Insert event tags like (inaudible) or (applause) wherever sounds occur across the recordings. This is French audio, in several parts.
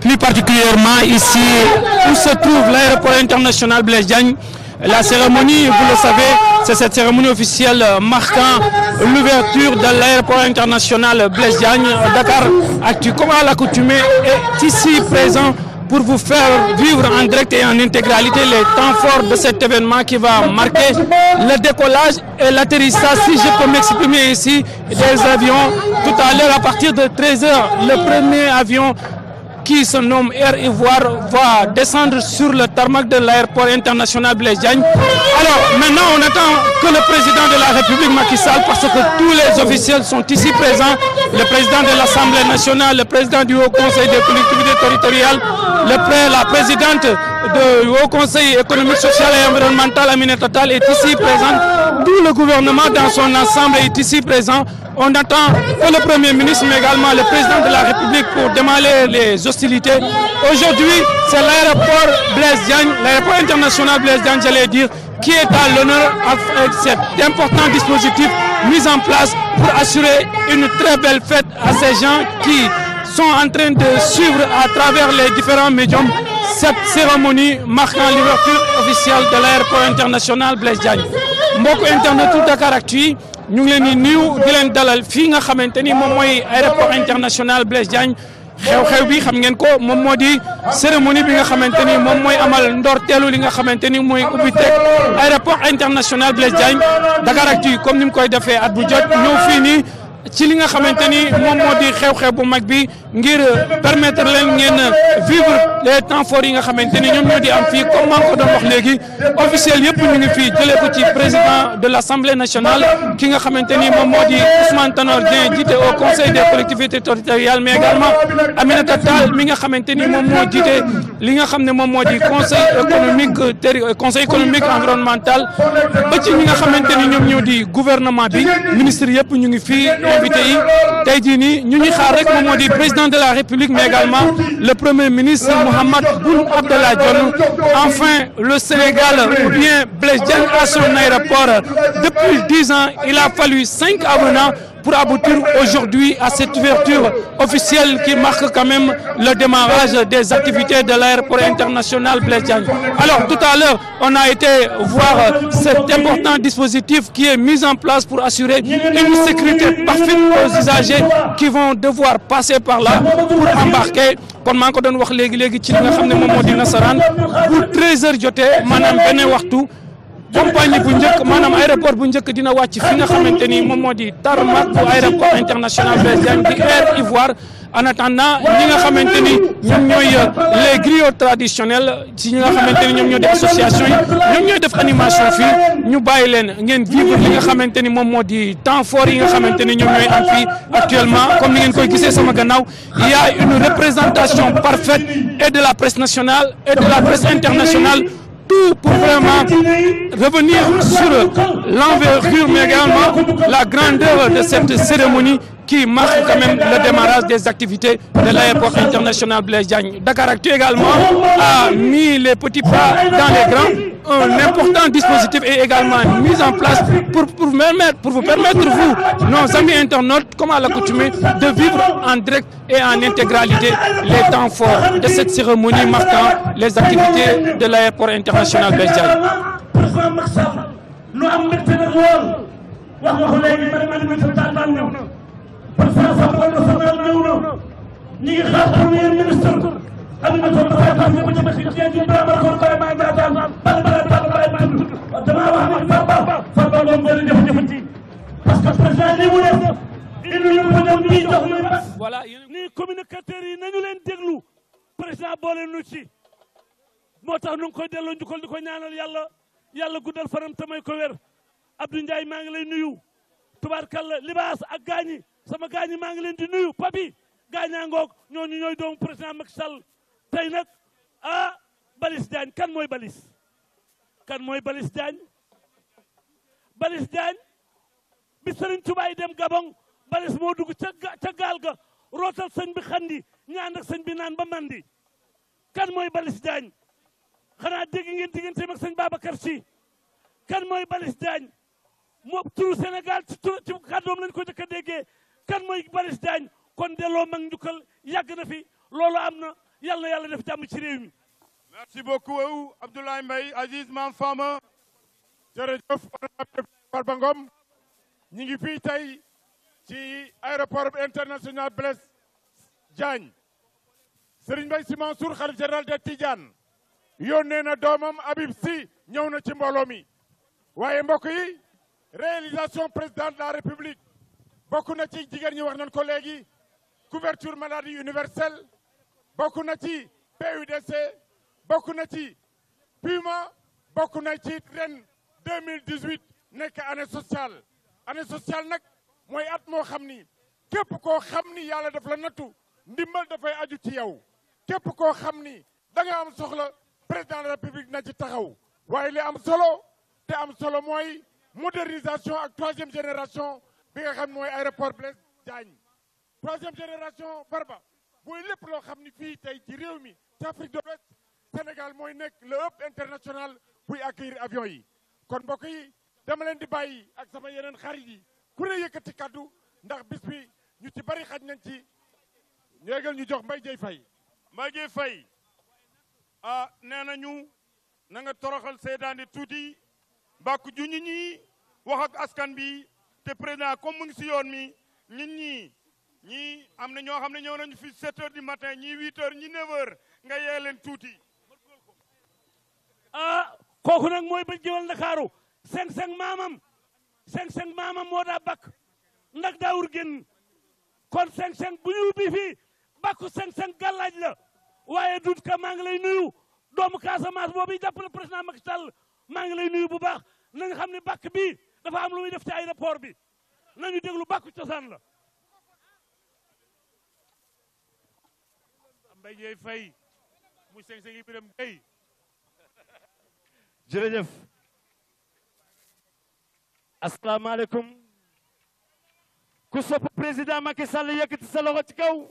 plus particulièrement ici où se trouve l'aéroport international Blaise Diagne. La cérémonie, vous le savez, c'est cette cérémonie officielle marquant l'ouverture de l'aéroport international Blaise Diagne. Dakar Actu, comme à l'accoutumée, est ici présent pour vous faire vivre en direct et en intégralité les temps forts de cet événement qui va marquer le décollage et l'atterrissage, si je peux m'exprimer ici, des avions. Tout à l'heure, à partir de 13h, le premier avion qui se nomme Air Ivoire va descendre sur le tarmac de l'aéroport international Blaise Alors maintenant, on attend que le président de la République Macky Sall, parce que tous les officiels sont ici présents, le président de l'Assemblée nationale, le président du Haut Conseil des collectivités territoriales, le, la présidente du Haut Conseil économique, social et environnemental, Amine Total, est ici présente. D'où le gouvernement dans son ensemble est ici présent. On attend que le Premier ministre, mais également le Président de la République pour démarrer les hostilités. Aujourd'hui, c'est l'aéroport Blaise Diagne, l'aéroport international Blaise Diagne, j'allais dire, qui est à l'honneur avec cet important dispositif mis en place pour assurer une très belle fête à ces gens qui sont en train de suivre à travers les différents médiums cette cérémonie marquant l'ouverture officielle de l'aéroport international Blaise Diagne. mbokk internet u Dakaractu ñu ngi leen di nuyu di dalal fii nga xamante ni moom mooy aéroport international Blaise Diagne xew-xew bi xam ngeen ko moom moo di cérémonie bi nga xamante ni moom mooy amal teelu li nga xamante ni mooy ubbi teg aéroport international Blaise Diagne Dakaractu comme ni mu koy defee at bu jot ñëw fii nii. ci li nga xamanteni mom modi di xew-xew bu mag bi ngir permettre leen ngeen vivre les temps forts yi nga xamanteni ñom ñoom di am fi comme maa ko doon wax legi officiel yëpp ñu ngi fi jëlee ko ci président de l'Assemblée nationale ki nga xamanteni mom modi di Ousmane Tanor Dieng jité au conseil des collectivités territoriales mais également Aminata Tall mi nga xamanteni mom moo li nga xam ne modi di conseil économique conseil économique environnemental ba ci ñi nga xamanteni ñom ñoom di gouvernement bi ministre yëpp ñu ngi fi invité Taïdini, tey jii le président de la république mais également le premier ministre Mohamed Boun Abdallah enfin le Sénégal ou bien Blaise Diagne à son aéroport depuis dix ans il a fallu cinq avenants pour aboutir aujourd'hui à cette ouverture officielle qui marque quand même le démarrage des activités de l'aéroport international Blaise Alors tout à l'heure, on a été voir cet important dispositif qui est mis en place pour assurer une sécurité parfaite aux usagers qui vont devoir passer par là pour embarquer pour maa 13 heures compagnie bu njëkk maanaam aéroport bu njëkk dina wàcc fi nga xamante ni moom moo di tarmac bu aéroport international Blaise Diagne di Air Ivoire en attendant ñi nga xamante ni ñoom ñooy euh, les griots traditionnels ci ñi nga xamante ni ñoom ñoo di association yi ñoom ñooy def animation fii ñu bàyyi leen ngeen vivre li nga xamante ni moom moo di temps fort yi nga xamante ni ñoom ñooy am fii actuellement comme ni ngeen koy gisee sama gannaaw il y a une représentation parfaite et de la presse nationale et de la presse internationale tout pour vraiment revenir sur l'envergure, mais également la grandeur de cette cérémonie qui marque quand même le démarrage des activités de l'aéroport international Blaise Diagne. Dakaractu également a mis les petits pas dans les grands. Un important dispositif est également mis en place pour, vous permettre, vous, nos amis internautes, comme à l'accoutumée, de vivre en direct et en intégralité les temps forts de cette cérémonie marquant les activités de l'aéroport international Blaise pour cent Assemblée nationale ñëw na ñu ngi xaar premier ministre Aminata Mbaye Ba ñu ko jëm si ñeenti Ibrahima Kourou Mbaye maa ngi daataan bal bal bal bal maa ngi tudd damaa wax ne Papa Papa ñoom moo leen jafe-jafe ci parce que président li mu def indi ñu ko ñoom ñuy jox ñu bas. voilà nii communicateurs yi nañu leen déglu président boole nu ci moo tax nu ngi koy delloo njukkal di ko ñaanal yàlla yàlla guddal faram tamay ko wér Abdou Ndiaye maa ngi lay nuyu tubaarkalla libaas ak gaañi. sama gaañ ñi maa ngi leen di nuyu papi gaañaa ngoog ñooñu ñooy doomu président Macky Sall tey nag ah Balis Diagne kan mooy Balis kan mooy Balis Diagne Balis Diagne bi Serigne Touba yi dem Gabon Balis moo dugg ca gaal ga rootal sëñ bi xandi ñaan ak sëñ bi naan ba mandi kan mooy Balis Diagne xanaa dégg ngeen digganteem ak sëñ Babacar Sy kan mooy Balis Diagne moo turu Sénégal ci turu ci kàddoom lañ ko jëkk a déggee kan moy baris dañ kon delo mag ñukal yag na fi lolu amna yalla yalla def jàmm ci rew mi. merci beaucoup Abdoulaye mbay Aziz Mam Fama jere honorable Farba Ngom ñi ngi fi tay ci aéroport international Blaise Diagne Serigne mbay Sy Mansour xalif général de Tidiane yónnee na domam Habib si ñew na ci mbolo mi waye mbokk yi réalisation président de la République bokk na ci jigéen wax nañ ko léegi couverture maladie universelle bokk na ci PUDC bokk na ci PUMA bokk na ci ren 2018 nek année sociale année sociale nak moy at mo xamni ni képp koo xam ni daf la natou ndimbal fay aju ci yow képp ko xamni da nga am soxla président de la république na ci taxaw waaye li am solo te am solo moy modernisation ak troisième génération bi nga xam mooy aéroport Blaise Diagne troisième génération Farba mooy lépp loo xam ni fii tey ci réew mi ci Afrique de l'Ouest Sénégal mooy nekk le hub international buy accueillir avion yi kon mbokk yi dama leen di bàyyi ak sama yeneen xarit yi ku ne yëkkati kaddu ndax bis ñu ci bari xaj nañ ci ñu eggal ñu jox Mbaye Dieye Faye Mbaye Dieye Faye ah nee ñu na nga toroxal seedaandi tuuti mbàkk ju ñi ñi wax askan bi te président comme mu si yoon mi ñun ñi ñii am na ñoo xam ne ñëw nañu fi 7 di du matin ñii 8 heures ñii 9 heures nga yee leen tuuti. ah kooku nag mooy ba jëwal Ndakaaru cinq cinq maamam cinq cinq maamam moo daa bakk ndax daawur génn kon cinq cinq bu ñu ubbi fii bakku cinq cinq gàllaaj la waaye duut ka maa ngi lay nuyu doomu Casamance boobu jàppale président Macky Sall maa ngi lay nuyu bu baax na nga xam ne bakk bii. dafa am lu muy def ci aéroport bi nañu déglu bàkku cosaan la Mbaye Dieye Faye mu seng-sengi Birame Gueye jërëjëf asalaamaaleykum ku sopp président Macky Sall yëkkati sa loxo ci kaw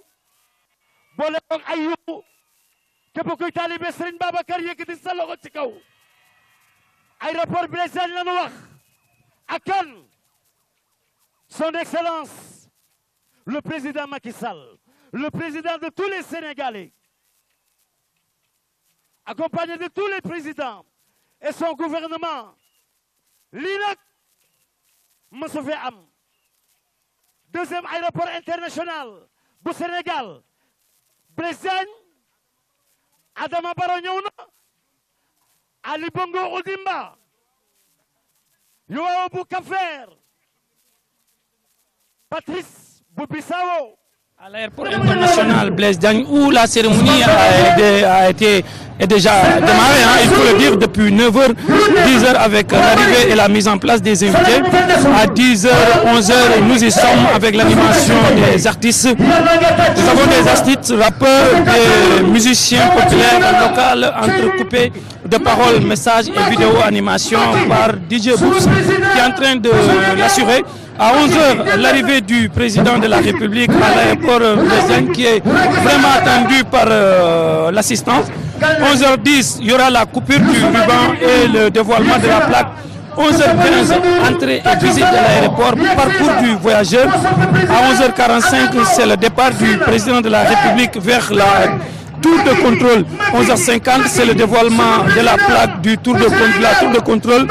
boole koog ay yóbbu képp kuy taalibe Serigne Babacar yëkkati sa loxo ci kaw aéroport bi la seen lañu wax à Cannes, son Excellence, le président Macky Sall, le président de tous les Sénégalais, accompagné de tous les présidents et son gouvernement, l'INAC, Moussoufé Am, deuxième aéroport international du Sénégal, Bressagne, Adama Barognon, Ali Bongo Odimba, Patrice Boupissao À l'aéroport international Blaise Diagne, où la cérémonie a, été est déjà démarrée, hein. il faut le dire, depuis 9h, 10h avec l'arrivée et la mise en place des invités. À 10h, 11h, nous y sommes avec l'animation des artistes. Nous avons des artistes, rappeurs, des musiciens populaires locaux entrecoupés de parole, message et vidéo animation par DJ Boots qui est en train de l'assurer. À 11h, l'arrivée du président de la République à l'aéroport Brésilien qui est vraiment attendu par euh, l'assistance. 11h10, il y aura la coupure du ruban et le dévoilement de la plaque. 11h15, entrée et visite de l'aéroport, parcours du voyageur. À 11h45, c'est le départ du président de la République vers la tour de contrôle. 11h50, c'est le dévoilement de la plaque du tour de, de contrôle.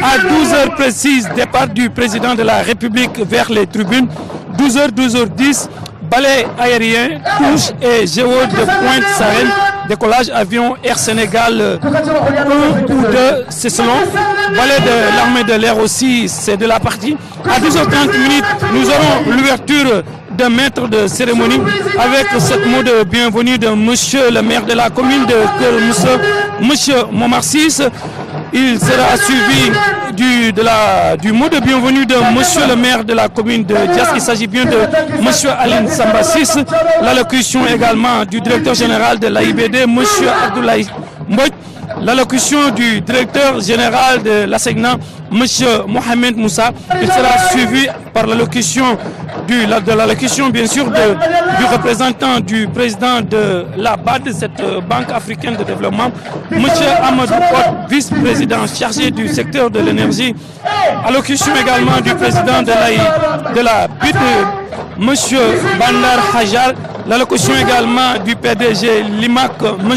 À 12h précise, départ du président de la République vers les tribunes. 12h, 12h10, balai aérien, couche et géo de pointe Sahel, décollage avion Air Sénégal 1 ou 2, c'est selon. Balai de l'armée de l'air aussi, c'est de la partie. À 12h30 minutes, nous aurons l'ouverture d'un maître de cérémonie avec cette mot de bienvenue de monsieur le maire de la commune de Kermousse, monsieur Momarcis. Il sera suivi du, du mot de bienvenue de monsieur le maire de la commune de Dias. Il s'agit bien de monsieur Aline Sambassis. L'allocution également du directeur général de l'AIBD, monsieur Abdoulaye Moït l'allocution du directeur général de l'ASEGNA, M. Mohamed Moussa. Il sera suivi par l'allocution du, de l'allocution bien sûr du représentant du président de la BAD, cette euh, Banque africaine de développement, M. Amadou vice-président chargé du secteur de l'énergie. Allocution également du président de la, de la BID, M. Bandar Hajar. L'allocution également du PDG Limac, M.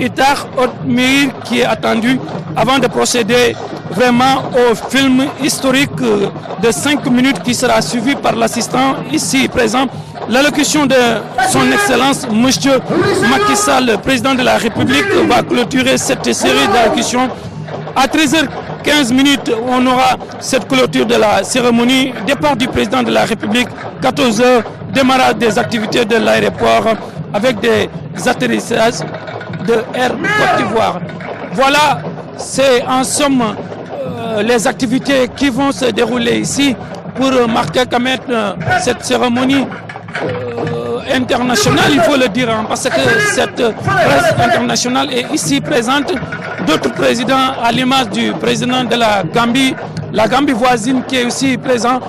Itar Otmeir qui est attendu avant de procéder vraiment au film historique euh, de 5 minutes qui sera suivi par l'assistant ici présent. L'allocution de son Excellence Monsieur Macky Sall, le président de la République, va clôturer cette série d'allocutions. À 13h15 minutes, on aura cette clôture de la cérémonie, départ du président de la République, 14h, démarrage des activités de l'aéroport avec des atterrissages de Air Côte d'Ivoire. Voilà, c'est en somme euh, les activités qui vont se dérouler ici pour marquer quand euh, cette cérémonie euh, internationale, il faut le dire, hein, parce que cette presse internationale est ici présente. D'autres présidents, à l'image du président de la Gambie, la Gambie voisine qui est aussi présent,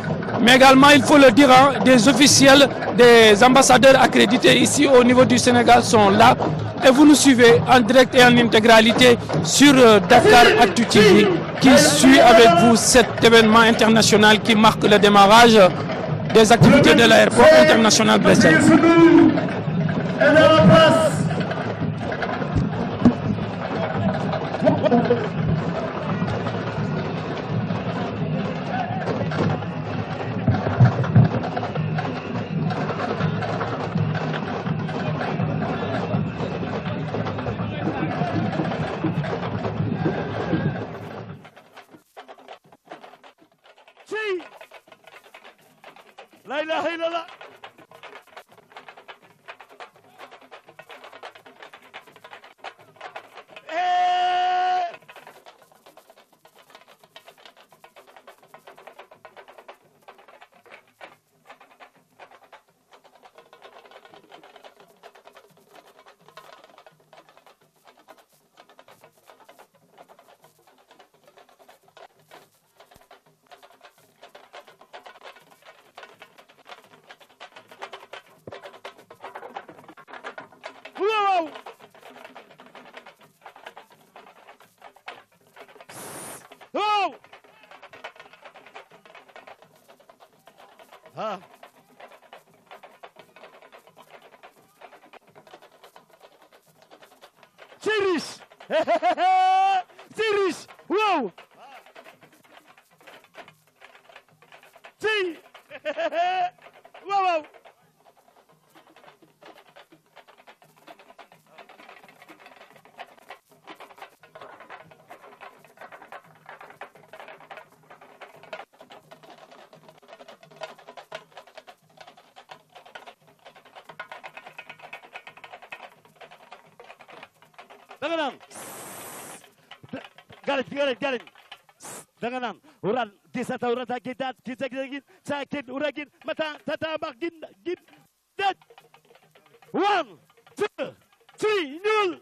mais également, il faut le dire, hein, des officiels, des ambassadeurs accrédités ici au niveau du Sénégal sont là. Et vous nous suivez en direct et en intégralité sur euh, Dakar Actu qui suit avec vous cet événement international qui marque le démarrage des activités de l'aéroport international place تيارك دارن دعنا ورا ديسا تورا تاكيد دات كيسا كيسا كيد ساكيد ورا كيد متى تتا بق جد جد دات one two three nul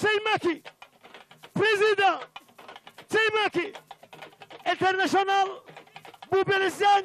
Seymaki, President, Seymaki, International, bu belizden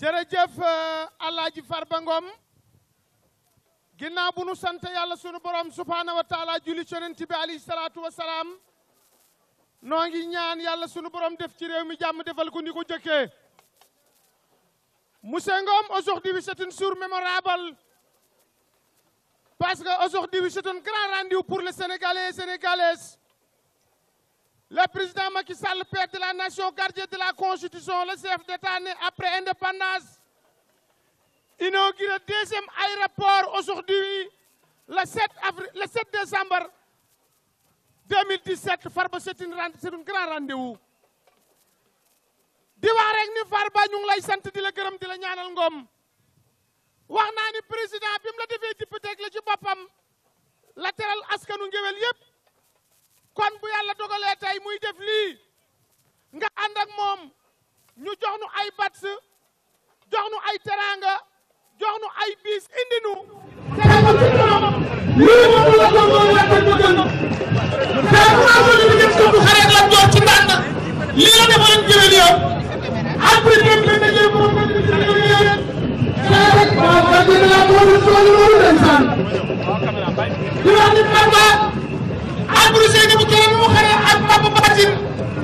jërëjëf eh, alaaji Farba Ngom ginnaaw bu nu sant yàlla sunu borom subhaana wa julli yonent bi alayhi salaatu wa salaam noo ngi ñaan yàlla sunu borom def ci réew mi jàmm defal ko ni ko jëkkee monsieur Ngom aujourd'hui c'est une journée mémorable parce que aujourd'hui c'est un grand rendez-vous pour les Sénégalais Le président Macky Sall, père de la nation, gardien de la Constitution, le chef d'État né après indépendance, inaugure le deuxième aéroport aujourd'hui, le 7, le 7 décembre 2017. Farba, c'est un grand rendez-vous. di wax rek ni Farba ñu lay de la gërëm di la ñaanal ngoom wax ni président bi mu la defee député la ci boppam la teral askanu ngéwél yépp kon bu yàlla dogalee tey muy def lii nga ànd moom ñu jox nu ay bats jox nu ay teraanga jox nu ay biis indi nu teraanga ci moom lii moom la la ko ci tànn lii la defoon jëwel yoon après dem ba dajee la ko di la ko di la ko di la ko di la la ko di la ko di la ko di Abdou Seynabou Kara mu xaree ak Papa Bassine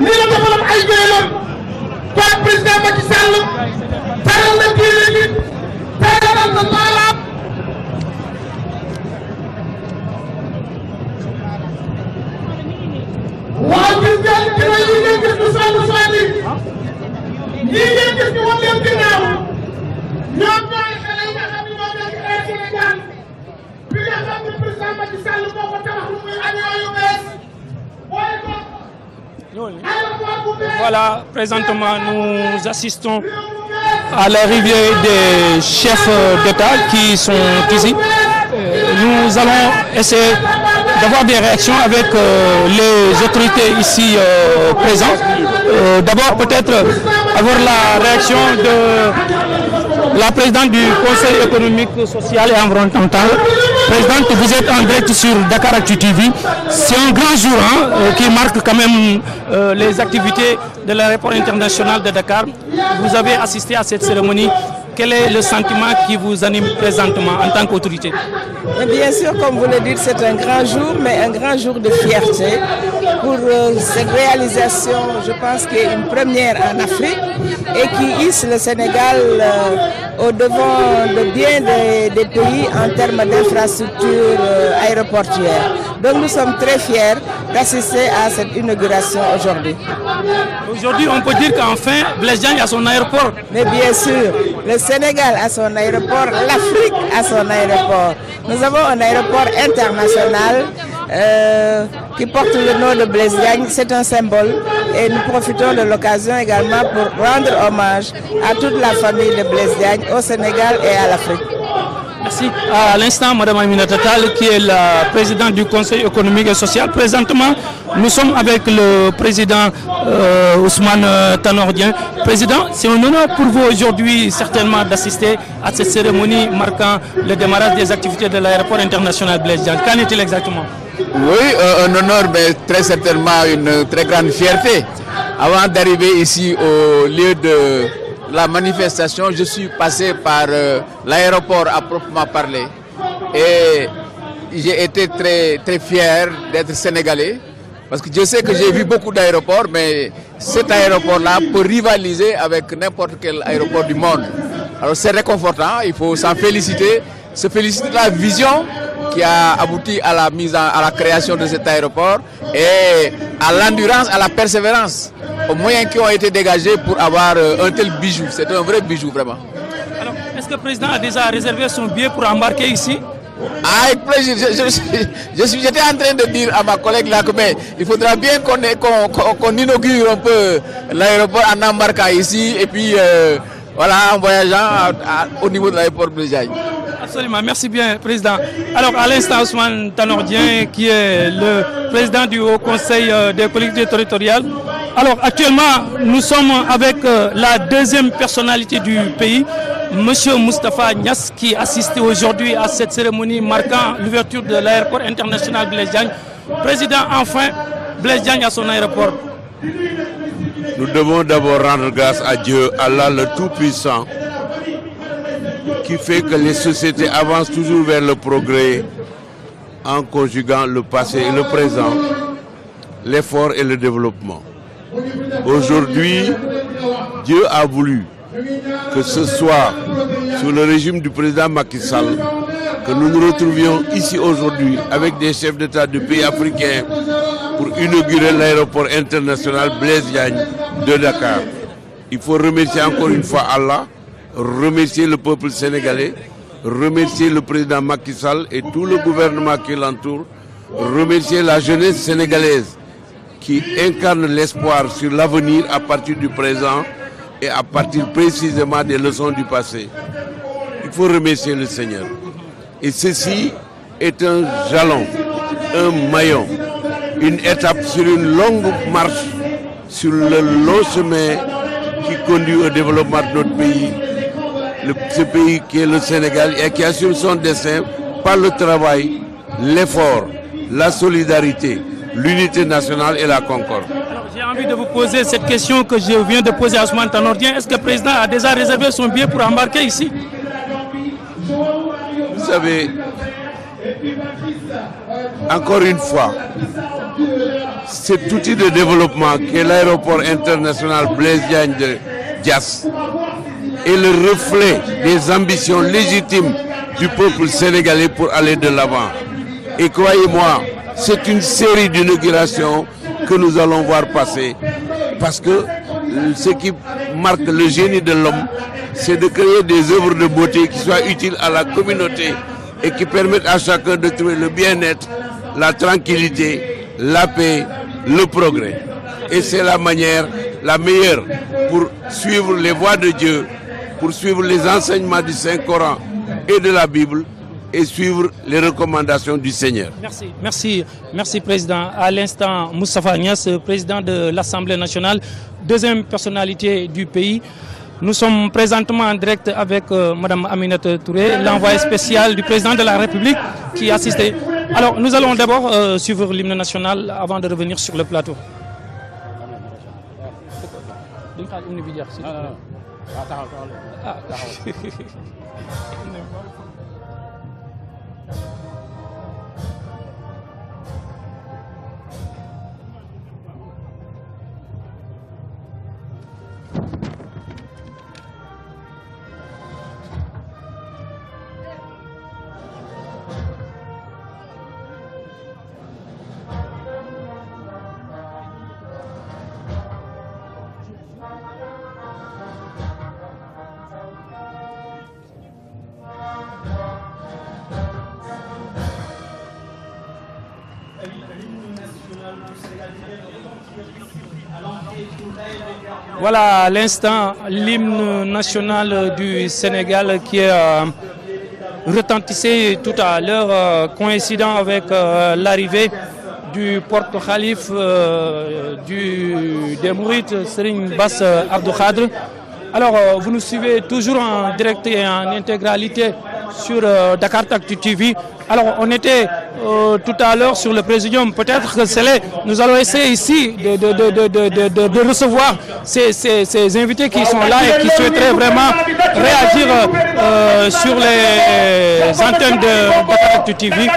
nii la doxalam ay béyam kon président Macky Sall taral na diine bi taral na maalaam waaw gis ngeen dina yi ngeen gis ñu sànni sànni ñii ngeen gis ñu wan leen ginnaaw ñoom ñooy xale yi nga xam ne ñoo nekk air Sénégal voilà présentement nous assistons à l'arrivée des chefs d'État qui sont ici. Euh, nous allons essayer d'avoir des réactions avec euh, les autorités ici euh, présentes. D'abord peut-être avoir la réaction de la présidente du Conseil économique, social et environnemental. Présidente, vous êtes en direct sur Dakar Actu TV. C'est un grand jour hein, euh, qui marque quand même euh, les activités de l'aéroport international de Dakar. Vous avez assisté à cette cérémonie. Quel est le sentiment qui vous anime présentement en tant qu'autorité Bien sûr, comme vous le dites, c'est un grand jour, mais un grand jour de fierté pour euh, cette réalisation, je pense, qui est une première en Afrique et qui hisse le Sénégal euh, au devant de bien des, pays en termes d'infrastructures euh, aéroportuaires. Donc nous sommes très fiers d'assister à cette inauguration aujourd'hui. Aujourd'hui, on peut dire qu'enfin, Blesdiagne a son aéroport. Mais bien sûr, le Sénégal a son aéroport, l'Afrique a son aéroport. Nous avons un aéroport international euh, qui porte le nom de Blaise C'est un symbole et nous profitons de l'occasion également pour rendre hommage à toute la famille de Blaise au Sénégal et à l'Afrique. Merci. À l'instant, Madame Amina qui est la présidente du Conseil économique et social. Présentement, nous sommes avec le président euh, Ousmane euh, Tanordien. Président, c'est un honneur pour vous aujourd'hui, certainement, d'assister à cette cérémonie marquant le démarrage des activités de l'aéroport international Blaise Qu'en est-il exactement Oui, euh, un honneur, mais très certainement une très grande fierté. Avant d'arriver ici au lieu de la manifestation, je suis passé par euh, l'aéroport à proprement parler. Et j'ai été très, très fier d'être sénégalais. Parce que je sais que j'ai vu beaucoup d'aéroports, mais cet aéroport-là peut rivaliser avec n'importe quel aéroport du monde. Alors c'est réconfortant, il faut s'en féliciter, se féliciter de la vision qui a abouti à la mise à la création de cet aéroport et à l'endurance, à la persévérance, aux moyens qui ont été dégagés pour avoir euh, un tel bijou. C'est un vrai bijou vraiment. Alors, est-ce que le président a déjà réservé son billet pour embarquer ici ah, avec plaisir, je, suis, j'étais en train de dire à ma collègue là que il faudra bien qu'on, inaugure un peu l'aéroport en embarquant ici et puis euh, voilà, en voyageant au niveau de l'aéroport Bleujaï. Absolument, merci bien, Président. Alors, à l'instant, Ousmane Tanordien, qui est le président du Haut Conseil euh, des collectivités territoriales. Alors, actuellement, nous sommes avec euh, la deuxième personnalité du pays, M. Moustapha Nias, qui assiste aujourd'hui à cette cérémonie marquant l'ouverture de l'aéroport international Blaise Président, enfin, Blaise à son aéroport. Nous devons d'abord rendre grâce à Dieu, Allah le Tout-Puissant, qui fait que les sociétés avancent toujours vers le progrès en conjuguant le passé et le présent, l'effort et le développement. Aujourd'hui, Dieu a voulu que ce soit sous le régime du président Macky Sall que nous nous retrouvions ici aujourd'hui avec des chefs d'État de pays africains pour inaugurer l'aéroport international Blaise Diagne de Dakar. Il faut remercier encore une fois Allah, remercier le peuple sénégalais, remercier le président Macky Sall et tout le gouvernement qui l'entoure, remercier la jeunesse sénégalaise qui incarne l'espoir sur l'avenir à partir du présent et à partir précisément des leçons du passé. Il faut remercier le Seigneur. Et ceci est un jalon, un maillon une étape sur une longue marche sur le long chemin qui conduit au développement de notre pays, le, ce pays qui est le Sénégal et qui assume son destin par le travail, l'effort, la solidarité, l'unité nationale et la concorde. J'ai envie de vous poser cette question que je viens de poser à ce moment Tanordien. Est-ce que le président a déjà réservé son billet pour embarquer ici Vous savez, encore une fois, cet outil de développement que l'aéroport international Blaise Diagne de Dias est le reflet des ambitions légitimes du peuple sénégalais pour aller de l'avant. Et croyez-moi, c'est une série d'inaugurations que nous allons voir passer parce que euh, ce qui marque le génie de l'homme, c'est de créer des œuvres de beauté qui soient utiles à la communauté et qui permettent à chacun de trouver le bien-être, la tranquillité, la paix le progrès. Et c'est la manière la meilleure pour suivre les voies de Dieu, pour suivre les enseignements du Saint-Coran et de la Bible et suivre les recommandations du Seigneur. Merci, merci, merci Président. À l'instant, Moussa Agnès, président de l'Assemblée nationale, deuxième personnalité du pays. Nous sommes présentement en direct avec euh, Madame Mme Aminata Touré, l'envoyé spécial du président de la République qui assistait. Alors, nous allons d'abord euh, suivre l'hymne national avant de revenir sur le plateau. (laughs) Voilà à l'instant l'hymne national du Sénégal qui est euh, retentissé tout à l'heure, euh, coïncidant coïncident avec euh, l'arrivée du porte-calife des Mourites, Serine Bass Abdou Alors, vous nous suivez toujours en direct et en intégralité sur Dakar TV. Alors, on était euh, tout à l'heure sur le présidium. Peut-être que c'est Nous allons essayer ici de, de, recevoir ces, invités qui sont là et qui souhaiteraient vraiment réagir euh, sur les antennes de, de TV.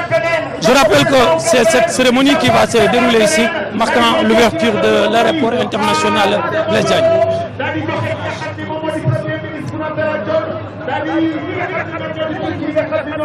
Je rappelle que c'est cette cérémonie qui va se dérouler ici, marquant l'ouverture de l'aéroport international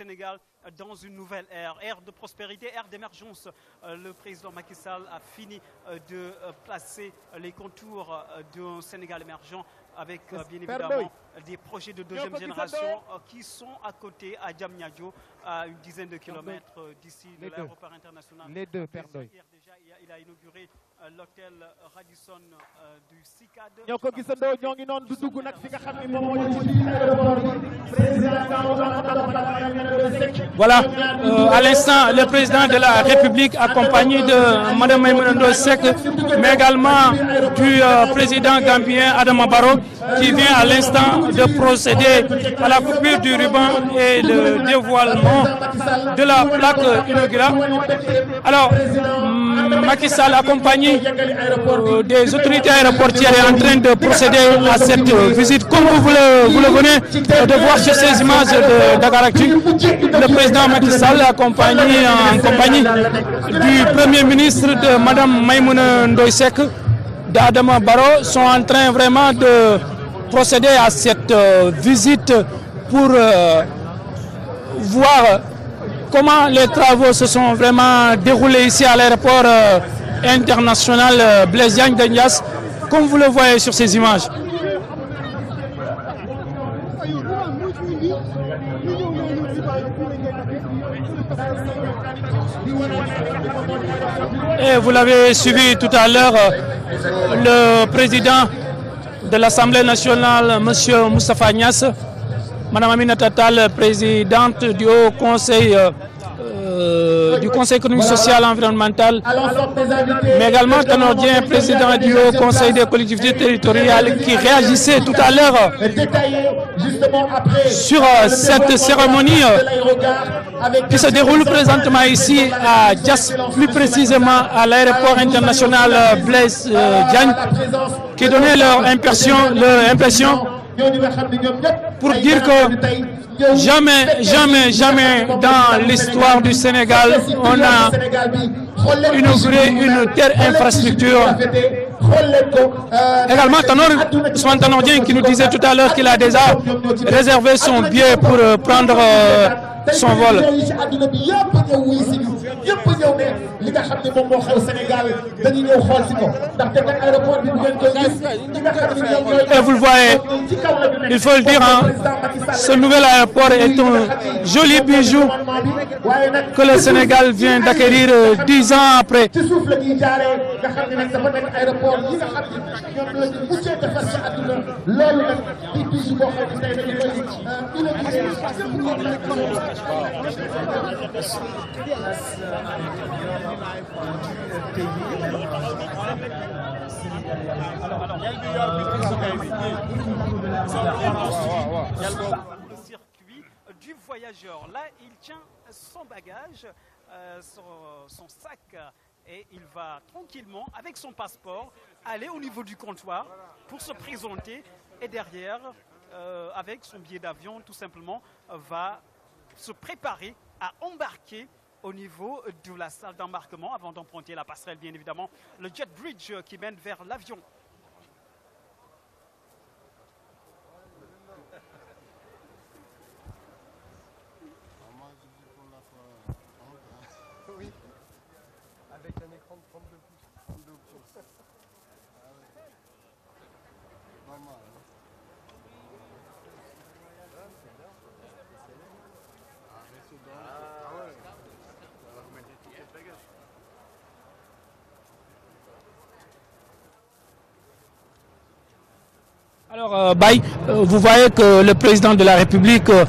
Sénégal dans une nouvelle ère, ère de prospérité, ère d'émergence. Euh, le président Macky Sall a fini euh, de euh, placer les contours d'un Sénégal émergent avec bien évidemment des projets de deuxième génération qui sont à côté à Djamnyadjo, à une dizaine de kilomètres d'ici de l'aéroport international. Les deux, Perdoy. Hier déjà, il a inauguré l'hôtel Radisson du SICAD. Voilà, à l'instant, le président de la République accompagné de Mme Maïmouna Sek, mais également du président gambien Adam Barrow, qui vient à l'instant de procéder à la coupure du ruban et le dévoilement de la plaque inaugurale. Alors, mm, Macky Sall, accompagné euh, des autorités aéroportières, est en train de procéder à cette euh, visite. Comme vous le, vous venez de voir sur ces images de le président Macky Sall, accompagné en compagnie du Premier ministre de Mme Maïmoune Ndoysek, d'Adama Baro sont en train vraiment de procéder à cette euh, visite pour euh, voir comment les travaux se sont vraiment déroulés ici à l'aéroport euh, international Blaise Diagne comme vous le voyez sur ces images. Et vous l'avez suivi tout à l'heure, le président de l'Assemblée nationale, M. Moustapha Nias, Mme Aminata Tal, présidente du Haut Conseil euh, euh, du Conseil économique, social et environnemental, mais également canadien, président du Haut Conseil des collectivités territoriales, qui réagissait tout à l'heure sur euh, cette cérémonie euh, qui se déroule présentement ici à Dias, plus précisément à l'aéroport international Blaise Diagne, qui donnait leur impression, leur impression pour dire que jamais, jamais, jamais dans l'histoire du Sénégal, on a inauguré une telle infrastructure. Euh, Également, Tanor, qui nous disait tout à l'heure qu'il a déjà réservé son billet pour euh, prendre vol. Et vous le voyez, il faut le dire, hein, ce nouvel aéroport est un joli bijou que le Sénégal vient d'acquérir euh, dix ans après le euh, circuit du voyageur. Là, il tient son bagage, euh, son, sac et il va tranquillement, avec son passeport, aller au niveau du comptoir pour se présenter et derrière, euh, avec son billet d'avion, tout simplement, va se préparer à embarquer au niveau de la salle d'embarquement avant d'emprunter la passerelle, bien évidemment, le jet bridge qui mène vers l'avion Alors, euh, euh, vous voyez que le président de la République, euh,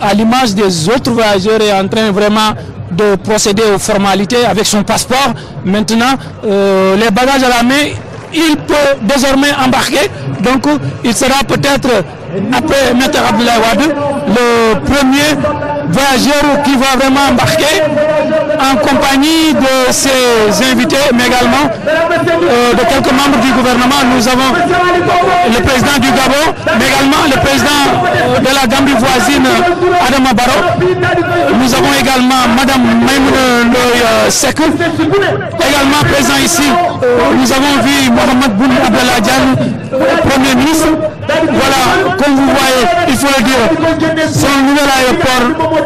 à l'image des autres voyageurs, est en train vraiment de procéder aux formalités avec son passeport. Maintenant, les bagages à la main, il peut désormais embarquer. Donc, il sera peut-être, après Maître Abdoulaye le premier voyageur qui va vraiment embarquer en compagnie de ces invités, mais également euh, de quelques membres du gouvernement. Nous avons le président du Gabon, mais également le président euh, de la Gambie voisine, Adam Barrow. Nous avons également Madame Maimoune euh, Sekou, également présent ici nous avons vu Mohamed Boun Abdeladjan, Premier ministre. Voilà, comme vous voyez, il faut le dire, son nouvel aéroport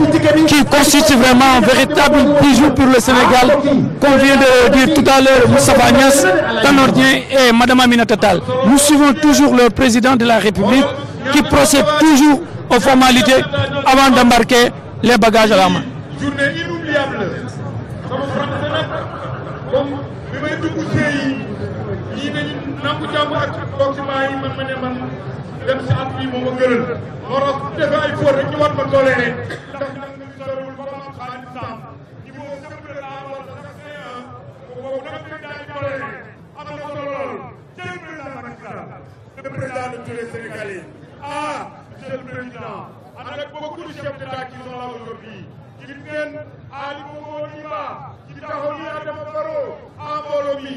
qui constitue vraiment un véritable bijou pour le Sénégal, comme vient de dire tout à l'heure, Moussa Agnès, Tanordien et Madame Amina Total. Nous suivons toujours le président de la République qui procède toujours aux formalités avant d'embarquer les bagages à la main. inoubliable. jàmm ak documents yi man ma ne man dem si at bii moom a gënal moo tax su defee ay fóot rek ñu war ma toléré ndax nag ñu sorewul ba ma xaalis saam ñi moo sëpp la wala sax boobu nag ñu daal toléré am na solo lool jël président Macky Sall le président de tous les Sénégalais ah monsieur le président ànd ak beaucoup de chefs d'État qui sont là aujourd'hui gis ngeen Ali Bongo Ondimba ci taxaw yi Adama Barrow en ah, mbooloo mi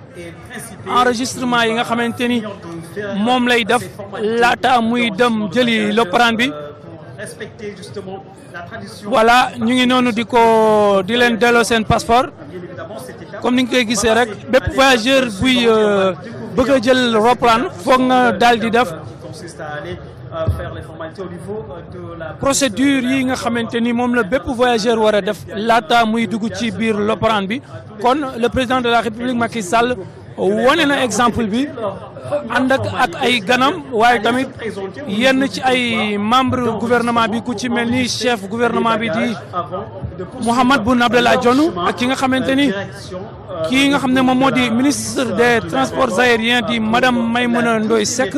enregistrement yi nga xamante ni moom lay def laata muy dem jëli loparaan bi voilà ñu ngi noonu di ko di leen delloo seen passeport comme ni nga koy gisee rek bépp voyageur buy euh, bëgg a jël roplaan foog nga daal di def Euh, euh, procédure euh, yi nga xamante ni moom la bépp voyageur war a def laata muy dugg ci biir l'Oprah bi kon le président de la république Macky Sall wone na exemple bi ànd ak ay ganam waaye tamit yenn ci ay membre gouvernement bi ku ci mel ni chef gouvernement bi di Mouhamed Boun Abdallah Dionne ak ki nga xamante ni kii nga xam ne moom moo di ministre des transports aériens di madame Maïmouna Ndoye Seck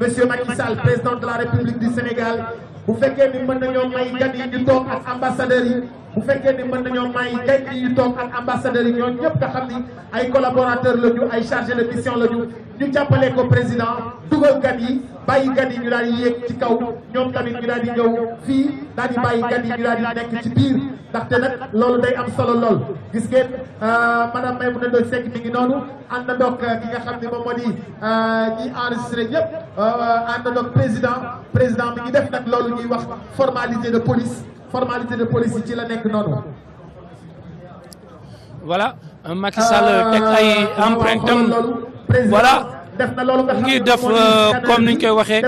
monsieur Macky Sall président de la République du Sénégal bu fekkee ni mën nañoo may gan yi di toog ak ambassadeurs yi. bu fekkee ni mën nañoo may gaynde yi toog ak ambassadeur yi ñooñu ñëpp nga xam ni ay collaborateurs la ñu ay chargé de mission la ñu ñu jàppale ko président dugal gan yi bàyyi gan yi ñu daal di yéeg ci kaw ñoom tamit ñu daal di ñëw fii daal di bàyyi gan yi ñu daal di nekk ci biir ndaxte nag loolu day am solo lool gis ngeen euh, madame Maïmouna Ndoye Seck mi ngi noonu ànd ndoog euh, ki nga xam ne moom moo di euh, ñi enregistré ñëpp ànd ndoog président président mi ngi def nag loolu ñuy wax formalisé de police formalité de police ci la nek noonu. voilà Macky Sall euh, tek ay empreinte am voilà ngi def euh, comme niñ koy waxee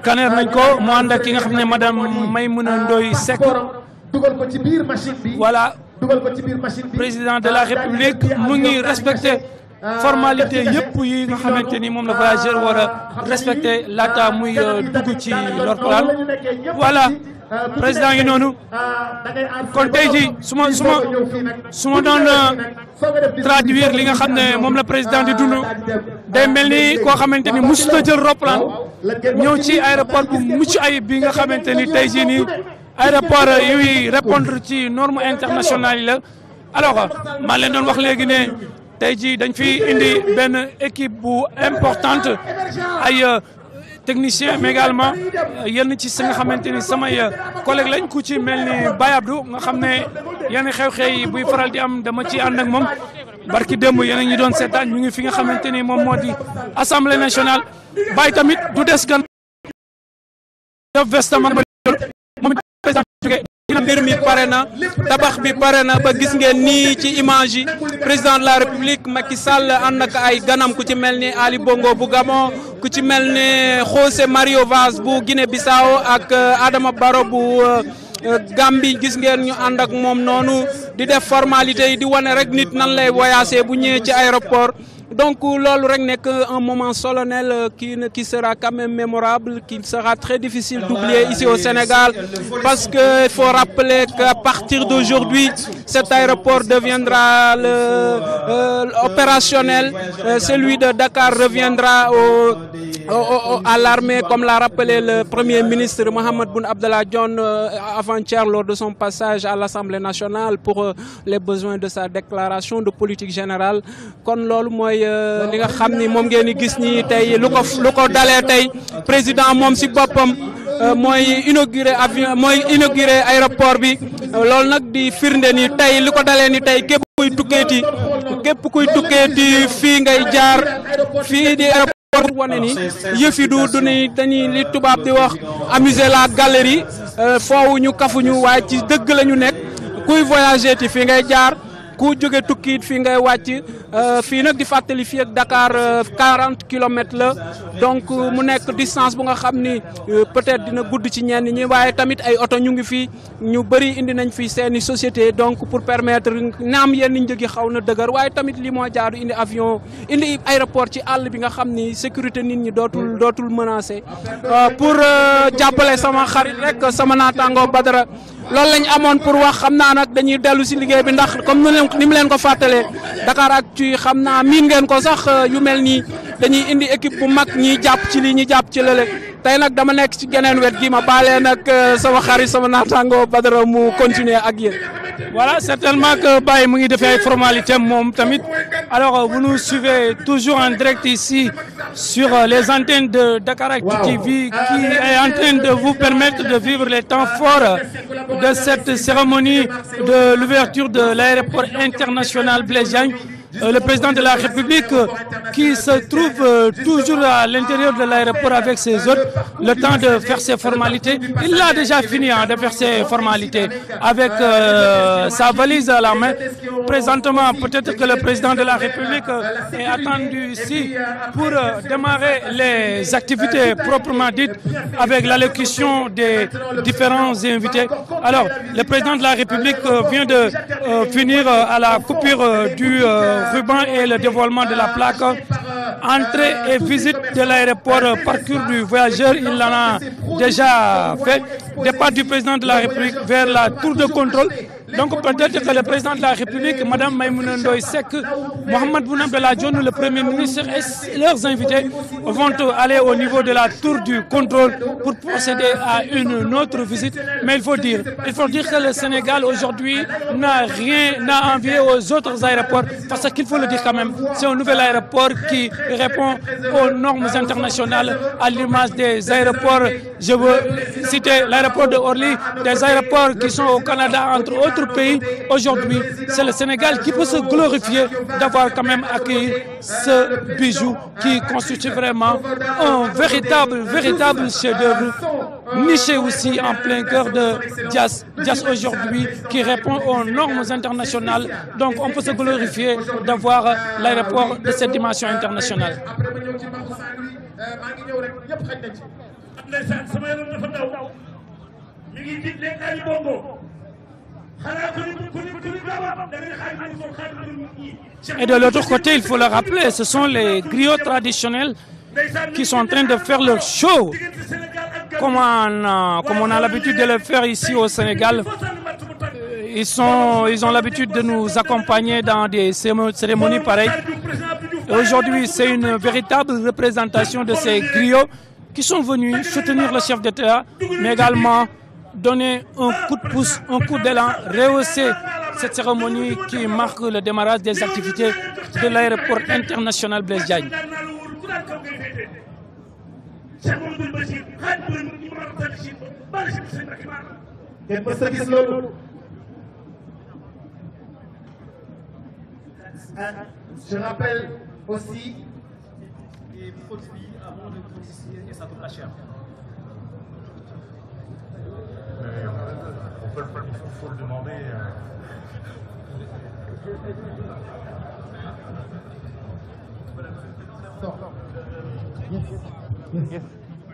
scanner nañ ko mo and ak ki nga xamné euh, madame Maymouna Ndoy Seck dugal ko ci biir machine bi voilà dugal ko ci biir machine bi président de la république mu ngi respecter formalité yépp yi nga xamante ni moom la voyageur war a respecté laata muy dugg ci l'hôpital voilà président ngi noonu kon tey jii su ma su ma su ma doon euh, traduire li nga xam ne moom la président di dund day mel ni koo xamante ni mosut a jël roplaan ñëw ci aéroport bu mucc ay bi nga xamante ni tey jii nii aéroport yuy répondre ci norme internationale yi la alors maa leen doon wax léegi ne tey jii dañ fi indi benn équipe bu importante ay euh, technicien mais également euh, yenn ci sa nga xamante ni samay euh, collègue lañ ku ci mel ni Abdou nga xam ne yenn xew-xew yi buy faral di am dama ci ànd ak moom barki démb yéen a ngi doon seetaan ñu ngi fi nga xamante ni moom moo di assemblée nationale Baye tamit du des gan mbir mi pare na tabax bi pare na ba gis ngeen nii ci image yi président de la république Macky Sall ànd ak ay ganam ku ci mel ni Ali Bongo bu Gabon ku ci mel ni José Mario Vaz bu Guinée-Bissau ak euh, Adama Barrow bu euh, Gambie gis ngeen ñu ànd ak moom noonu di def formalité yi di wane rek nit nan lay voyager bu ñëwee ci aéroport Donc lol n'est qu'un moment solennel euh, qui, sera quand même mémorable, qu'il sera très difficile d'oublier ici au Sénégal, parce qu'il faut rappeler qu'à partir d'aujourd'hui, cet aéroport deviendra euh, euh, opérationnel, celui de Dakar reviendra à l'armée, comme l'a rappelé le Premier ministre Mohamed Boun Abdallah avant-hier lors de son passage à l'Assemblée nationale pour les besoins de sa déclaration de politique générale. Comme mooy euh, li nga xam ni moom ngeen di gis nii tey lu ko lu ko dalee tey président moom si boppam euh, mooy inauguré avion mooy inauguré aéroport bi loolu nag di firnde ni tey lu ko dalee ni tey képp kuy tukkeeti képp kuy tukkeeti fii ngay jaar fii di aéroport pour wane ni yëfi du du ni dañuy li tubaab di wax amuser la galerie euh, foowu ñu kafuñu waaye ci dëgg la ñu nekk kuy voyager ti fii ngay jaar ku joge tukki fi ngay wacc euh, fi nak di fateli fi ak Dakar 40 euh, km la donc euh, mu nek distance bu nga xamni peut-être dina gudd ci ñen ñi waye tamit ay auto ñu ngi fi ñu bari indi nañ fi seen société donc pour permettre nam yeen ñu joge xawna deugar waye tamit li mo jaaru indi avion indi aéroport ci all bi nga xamni sécurité nit ñi dotul dotul menacer pour jappalé sama xarit rek sama na tango Badara loolu lañ amone pour wax xamna nak dañuy delu ci liguey bi ndax comme ni mu leen ko fàttalee Dakaractu xam naa miin ngeen ko sax euh, yu mel nii dañuy indi équipe bu mag ñi jàpp ci lii ñi jàpp ci lële tay nak dama nek ci geneen wet gi ma balé nak euh, sama xari sama natango Badara mu continuer ak yéen. voilà certainement que bay mu ngi defee ay formalité mom tamit alors euh, vous nous suivez toujours en direct ici sur euh, les antennes de Act TV qui est en train de vous permettre de vivre les temps forts de cette cérémonie de l'ouverture de l'aéroport international Blaise Diagne euh, le président de la République euh, qui se trouve euh, toujours à l'intérieur de l'aéroport avec ses autres, le temps de faire ses formalités. Il a déjà fini hein, de faire ses formalités avec sa valise à la main. Présentement, peut-être que le président de la République est attendu ici pour démarrer les activités proprement dites avec l'allocution des différents invités. Alors, le président de la République vient de finir à la coupure du ruban et le dévoilement de la plaque. Entrée et visite de l'aéroport, parcours du voyageur, il en a déjà fait. Départ du président de la République vers la tour de contrôle donc peut dire que le président de la République, Mme Maïmouna Ndoye Sek, Mohamed la Beladjoun, le Premier ministre et leurs invités vont aller au niveau de la tour du contrôle pour procéder à une autre visite. Mais il faut dire, il faut dire que le Sénégal aujourd'hui n'a rien à envier aux autres aéroports parce qu'il faut le dire quand même, c'est un nouvel aéroport qui répond aux normes internationales à l'image des aéroports, je veux citer l'aéroport de Orly, des aéroports qui sont au Canada entre autres pays aujourd'hui, c'est le Sénégal qui peut se glorifier d'avoir quand même accueilli ce bijou qui constitue vraiment un véritable, véritable chef-d'œuvre niché aussi en plein cœur de Dias. Dias aujourd'hui qui répond aux normes internationales. Donc on peut se glorifier d'avoir l'aéroport de cette dimension internationale. Euh, et de l'autre côté, il faut le rappeler, ce sont les griots traditionnels qui sont en train de faire leur show, comme on, euh, on a l'habitude de le faire ici au Sénégal. Euh, ils, sont, ils ont l'habitude de nous accompagner dans des cérémonies pareilles. Aujourd'hui, c'est une véritable représentation de ces griots qui sont venus soutenir le chef d'État, mais également donner un coup de pouce, un coup d'élan, rehausser cette cérémonie qui marque le démarrage des activités de l'aéroport international Blaise Diagne. Je rappelle aussi les produits avant de produire et ça coûte pas cher. faut le demander. Euh.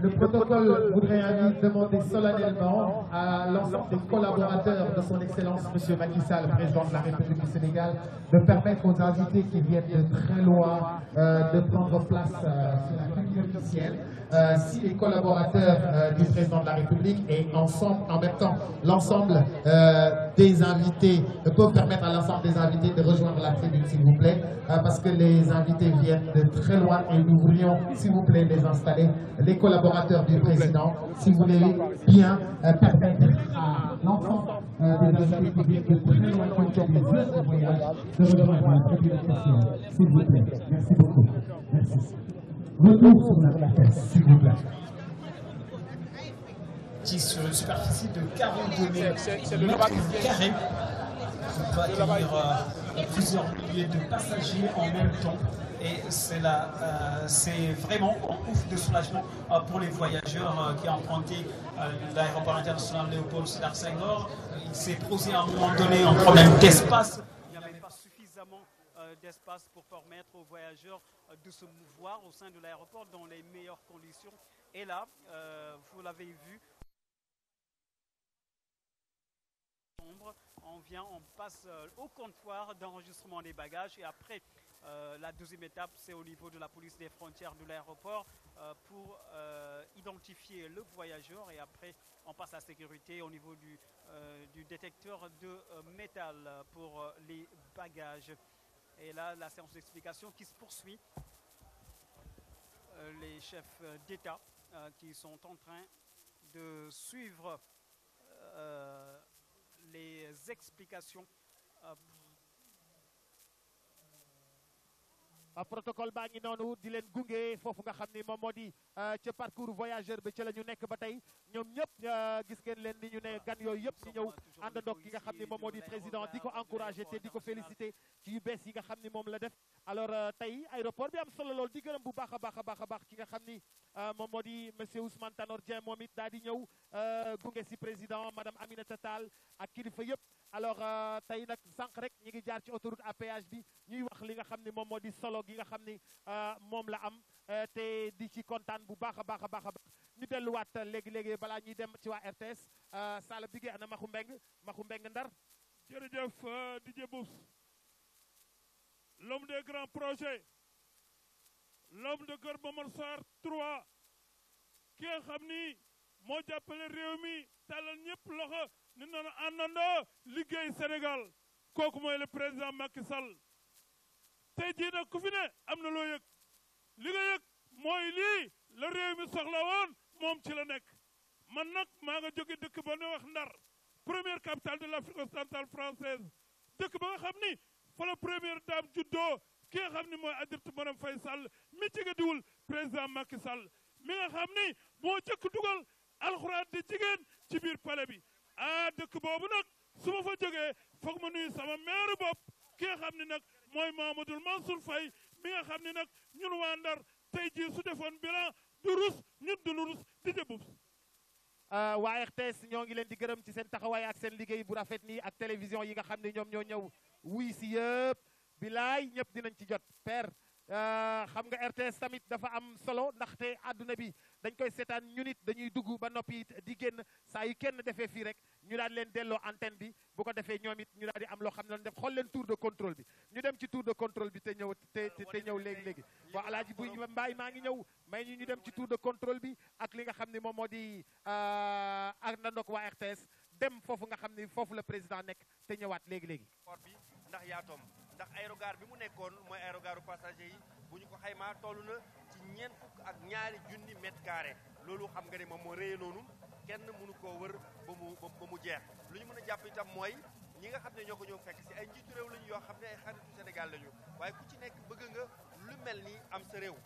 Le protocole voudrait demander solennellement à l'ensemble des collaborateurs de son Excellence, M. Macky Sall, président de la République du Sénégal, de permettre aux invités qui viennent de très loin euh, de prendre place euh, sur la tribune officielle. Euh, si les collaborateurs du président de la République et ensemble, en même temps l'ensemble des invités peuvent permettre à l'ensemble des invités de rejoindre la tribune, s'il vous plaît, euh, parce que les invités viennent de très loin et nous voulions, s'il vous plaît, les installer. Les collaborateurs du président, si vous voulez bien euh, permettre à l'ensemble euh, des invités publics de très loin des voyage de rejoindre la tribune s'il vous plaît. Merci beaucoup. Merci. Retour sur la place, s'il vous plaît sur une superficie de 42 mètres carrés, peut accueillir euh, plusieurs milliers de passagers en même temps. Et c'est euh, c'est vraiment un ouf de soulagement euh, pour les voyageurs qui ont emprunté l'aéroport international Léopold Sédar Senghor. Il s'est posé à un moment donné un problème d'espace. Il n'y avait pas suffisamment d'espace pour permettre aux voyageurs de se mouvoir au sein de l'aéroport dans les meilleures conditions. Et là, vous l'avez vu, on vient, on passe euh, au comptoir d'enregistrement des bagages et après euh, la deuxième étape, c'est au niveau de la police des frontières de l'aéroport euh, pour identifier le voyageur et après on passe à la sécurité au niveau du, du détecteur de métal pour les bagages. Et là, la séance d'explication qui se poursuit. les chefs d'État qui sont en train de suivre les explications euh, protocole baa ngi noonu di leen gunge foofu nga xam ni moom moo di euh, ca parcours voyageur bi ci la nekk ba tey ñoom ñëpp euh, gis ngeen leen ni ñu ne gan yooyu yëpp si ñëw àndandoog ki nga xam ni moom moo di président di ko encouragé te di ko félicité ci bees yi nga xam ni moom la def alors euh, tey aéroport bi am solo lool di gërëm bu baax a baax a baax a baax ki nga xam ni moom moo di monsieur Ousmane Tanor Dieng moom it daal di ñëw gunge si président madame Aminata Tall ak kilifa yëpp alors euh, tey nag sànq rek ñi ngi jaar ci autoroute à péage bi ñuy wax li nga xam ni moom moo di solo gi nga xam ni euh, moom la am euh, te di ci kontaan bu baax a baax a baax a baax ñu delluwaat léegi-léegi balaa ñuy dem ci waa RTS sala bi geex na Maxu Mbeng Maxu Mbeng Ndar jërëjëf DJ Boubs l'homme des grands projets l'homme de Keur Momar Sarr 3 ki nga xam ni moo jàppale réew mi tàllal ñëpp loxo ñu doon àndandoo liggéey Sénégal kooku le président Macky Sall Tédi jii nag ku fi ne am na loo yëg li nga yëg la réew mi soxla mom ci la nek. man nak ma nga jóge dëkk ba ne wax Ndar première capitale de l'Afrique occidentale française dëkk ba nga xamni fa la première dame juddoo ki nga xam ni mooy Ajaratu Marème Sall mi ci diwul président Macky Sall mi nga xamni bo moo jëkk dugal alxuraan di jigen ci bir palais bi a dëkk boobu nag su ma fa jógee foog ma nuyu sama maire bopp ki nga xam ne nag mooy Mamadou Mansour Faye mi nga xam ne nag ñun waa Ndar tey jii su defoon bilan du rus ñun du rus di jëbub euh, waa RTS ñoo ngi leen di gërëm ci seen taxawaay ak seen liggéey bu rafet nii ak télévision yi nga xam ne ñoom ñoo ñëw wuy si yëpp bilaay ñëpp dinañ ci jot père Euh, xam nga RTS tamit dafa am solo ndaxte àdduna bi dañ koy seetaan ñu nit dañuy dugg ba noppi it di génn saa yi kenn defee fii rek ñu daan leen delloo antenne bi bu ko defee ñoom it ñu daal di am loo xam ne def xool leen tour de contrôle bi ñu dem ci tour de contrôle bi te ñëw te te ñëw léegi léegi waaw alaaji buy mbaay maa ngi ñëw may ñu ñu dem ci tour de contrôle bi ak li nga xam ne moom moo di euh, ak ndandoog waa RTS dem foofu nga xam ni foofu la président nekk te ñëwaat léegi léegi. ndax yaa ndax aérogare bi mu nekkoon mooy aérogaru passager yi bu ñu ko xaymaa toll na ci ñeent ak ñaari junni mètre carré loolu xam nga ne moom moo réye noonu kenn mënu koo wër ba mu ba mu jeex lu ñu mën a jàpp itam mooy ñi nga xam ne ñoo ko ñëw fekk si ay njiitu réew lañu yoo xam ne ay xaritu Sénégal lañu waaye ku ci nekk bëgg nga lu mel ni am sa réew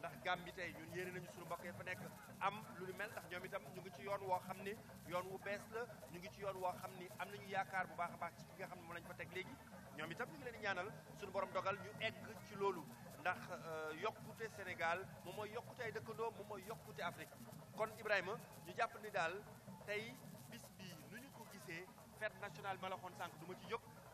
ndax Gàmbi tey ñun yéene nañu suñu mbokk yi fa nekk am lu ni mel ndax ñoom itam ñu ngi ci yoon woo xam ni yoon wu bees la ñu ngi ci yoon woo xam ni am nañu yaakaar bu baax a baax ci ki nga xam ne moom lañu fa teg léegi ñoom itam ñu ngi leen di ñaanal suñu borom dogal ñu egg ci loolu ndax euh, yokkute Sénégal moom mooy yokkute ay dëkkandoo moom mooy yokkute Afrique kon Ibrahima ñu jàpp ni daal tey bis bi nu ñu ko gisee fête nationale bi ma la sànq du ci jóg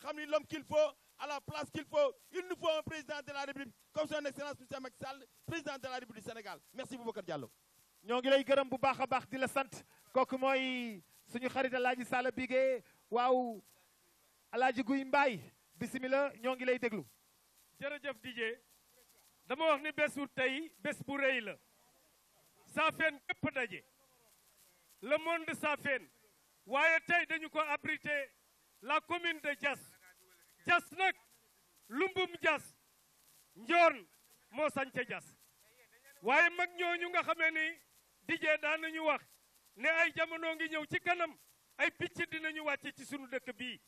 xam l'homme qu'il faut à la place qu'il faut il nous faut un président de la république comme son excellence monsieur Macky Sall président de la république du Sénégal merci Boubacar Diallo. ñoo ngi lay gërëm bu baax a baax di la sant kooku mooy suñu xarit alaaji Sall Bigué waaw alaaji Guy Mbaye bismillah ñoo ngi lay déglu. jërëjëf Didier dama wax ni bésu tay bés bu rëy la. Safeen képp dajé. le monde Safeen waaye tay dañu ko abrité. la commune de Diass Diass nag lumbum Diass njoon moo sañca Diass waaye mag ñooñu nga xamee ni dijee daan nañu wax ne ay jamono ngi ñëw ci kanam ay picc dinañu wàcce ci sunu dëkk bii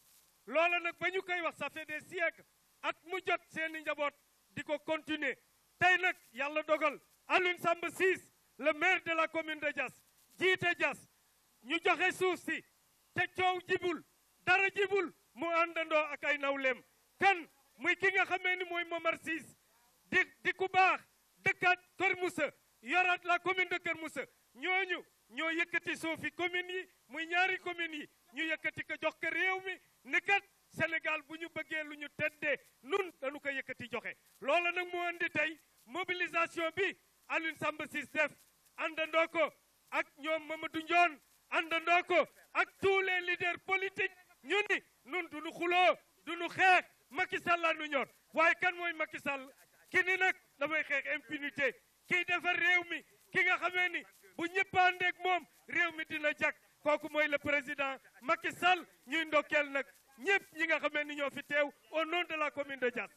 loola nag ba ñu koy wax ça fait des at mu jot seeni njaboot di ko continuer tey nag yàlla dogal Alioune Samba Ciss le maire de la commune de Diass jiite Diass ñu joxe suuf si te coow jibul dara jibul mu àndandoo ak ay nawleem kan muy ki nga xamee ni mooy Momar Ciss di di ku baax dëkkaat Kër Moussa yoraat la commune de Kër Moussa ñooñu ñoo yëkkati suufi commune yi muy ñaari communes yi ñu yëkkati ko jox ko réew mi ni kat Sénégal bu ñu bëggee lu ñu teddee nun dañu ko yëkkati joxe loola nag moo andi tey mobilisation bi Alioune Samba Ciss def àndandoo ko ak ñoom Mamadou Ndione àndandoo ko ak tous les leaders politiques Nous ni nous duñu xuloo ñor waaye kan mooy Macky Sall ki ni Qui impunité kiy defar réew ki nga xamee ni bu moom dina le président Macky ñuy ndokkeel nag ñëpp ñi nga ni ñoo fi au nom de la commune de Diass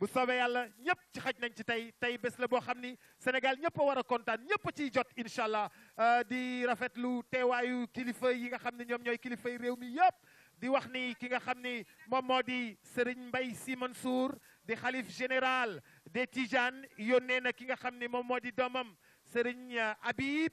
bu soobee yàlla ñëpp ci xaj nañ ci tey tey bés la boo xam ni Sénégal ñëpp a war a kontaan ñëpp a ciy jot incha allah euh, di rafetlu teewaayu kilifa yi nga xam ne ñoom ñooy kilifay réew mi yëpp. di wax ni ki nga xam ni moom moo di Serigne Mbaye Sy Mansour di xalif général des Tijanes yónnee na ki nga xam ni moom moo di doomam Serigne Habib.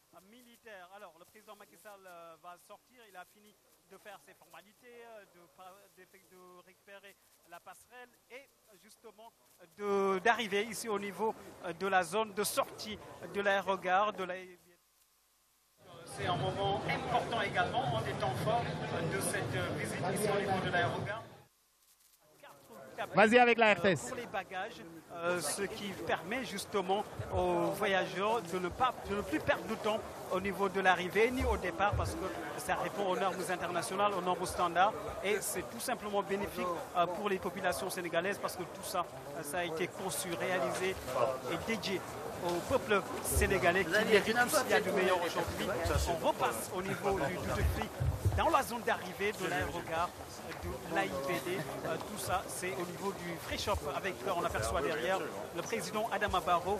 militaire. Alors, le président Macky Sall euh, va sortir. Il a fini de faire ses formalités, euh, de, récupérer la passerelle et justement d'arriver ici au niveau euh, de la zone de sortie de l'aérogare, la c'est un moment important également, en étant fort de cette visite ici au niveau de l'aérogare. Vas-y avec la euh, RTS. Pour les bagages, euh, ce qui permet justement aux voyageurs de ne, pas, ne plus perdre de temps au niveau de l'arrivée ni au départ parce que ça répond aux normes internationales, aux normes standards et c'est tout simplement bénéfique euh, pour les populations sénégalaises parce que tout ça, ça a été conçu, réalisé et dédié au peuple sénégalais qui mérite tout ce y a du meilleur aujourd'hui. On repasse au niveau du, du prix dans la zone d'arrivée de l'Aéroport, de l'AIPD. Euh, tout ça, c'est au niveau du free shop avec, euh, on aperçoit derrière, le président Adam Barrow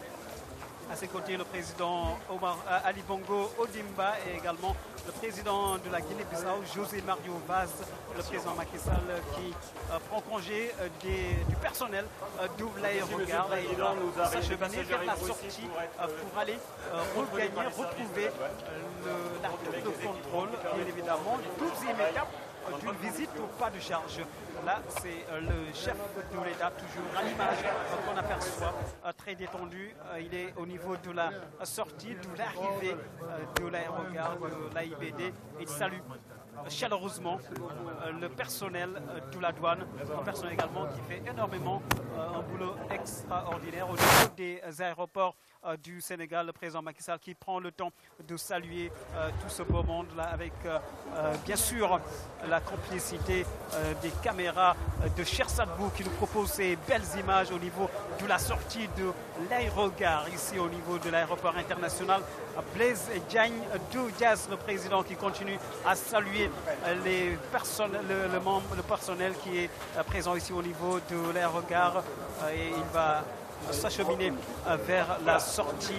à ses côtés, le président euh, Ali Bongo Odimba et également le président de la Guinée-Bissau, José Mario Vaz, le président Macky Sall, qui euh, prend congé euh, du personnel euh, d'ouvre et va s'acheminer vers la sortie pour, aller regagner, retrouver la de contrôle, bien évidemment, 12 les d'une visite ou pas de charge. Là, c'est euh, le chef de l'État, toujours à l'image euh, qu'on aperçoit, euh, très détendu. Il est au niveau de la sortie, de l'arrivée de l'aérogare de l'AIBD. Il salue chaleureusement le personnel de la douane, un personnel également qui fait énormément un boulot extraordinaire au niveau des aéroports euh, du Sénégal, le président Macky Sall, qui prend le temps de saluer euh, tout ce beau monde-là avec, euh, bien sûr, la complicité des caméras de Sadbou qui nous propose ces belles images au niveau de la sortie de l'aérogare, ici au niveau de l'aéroport international. Blaise Diagne Doudias, le président, qui continue à saluer les personnes, le, membre, le personnel qui est présent ici au niveau de l'aérogare et il va s'acheminer vers la sortie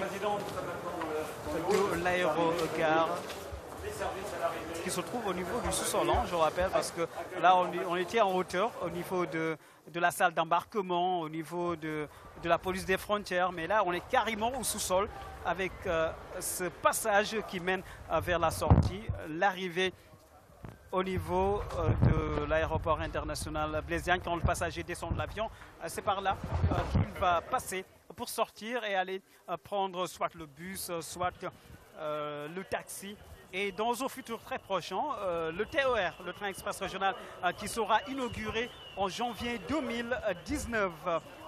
de l'aérogare qui se trouve au niveau du sous-sol, hein, je rappelle, parce que là, on, était en hauteur au niveau de, la salle d'embarquement, au niveau de, la police des frontières, mais là, on est carrément au sous-sol avec euh, ce passage qui mène euh, vers la sortie, l'arrivée au niveau euh, de l'aéroport international Blaisian, Quand le passager descend de l'avion, euh, c'est par là euh, qu'il va passer pour sortir et aller prendre soit le bus, soit le taxi et dans un futur très prochain, le TER, le train express régional, qui sera inauguré en janvier 2019.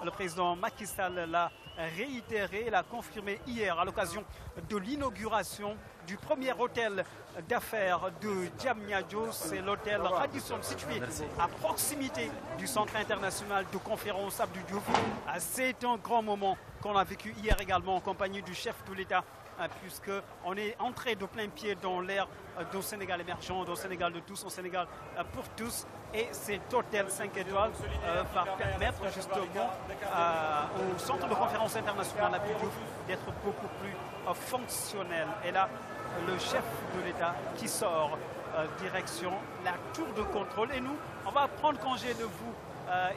Le président Macky Sall l'a réitéré, l'a confirmé hier à l'occasion de l'inauguration du premier hôtel d'affaires de Diamniadio. C'est l'hôtel Radisson situé à proximité du centre international de conférence Abdou Diouf. Ah, c'est un grand moment qu'on a vécu hier également en compagnie du chef de l'État Hein, puisqu'on est entré de plein pied dans l'ère euh, du Sénégal émergent, du Sénégal de tous, au Sénégal euh, pour tous. Et cet hôtel 5 étoiles euh, va permettre justement au centre de conférence internationale à d'être beaucoup plus fonctionnel. Et là, le chef de l'État qui sort direction la tour de contrôle. Et nous, on va prendre congé de vous,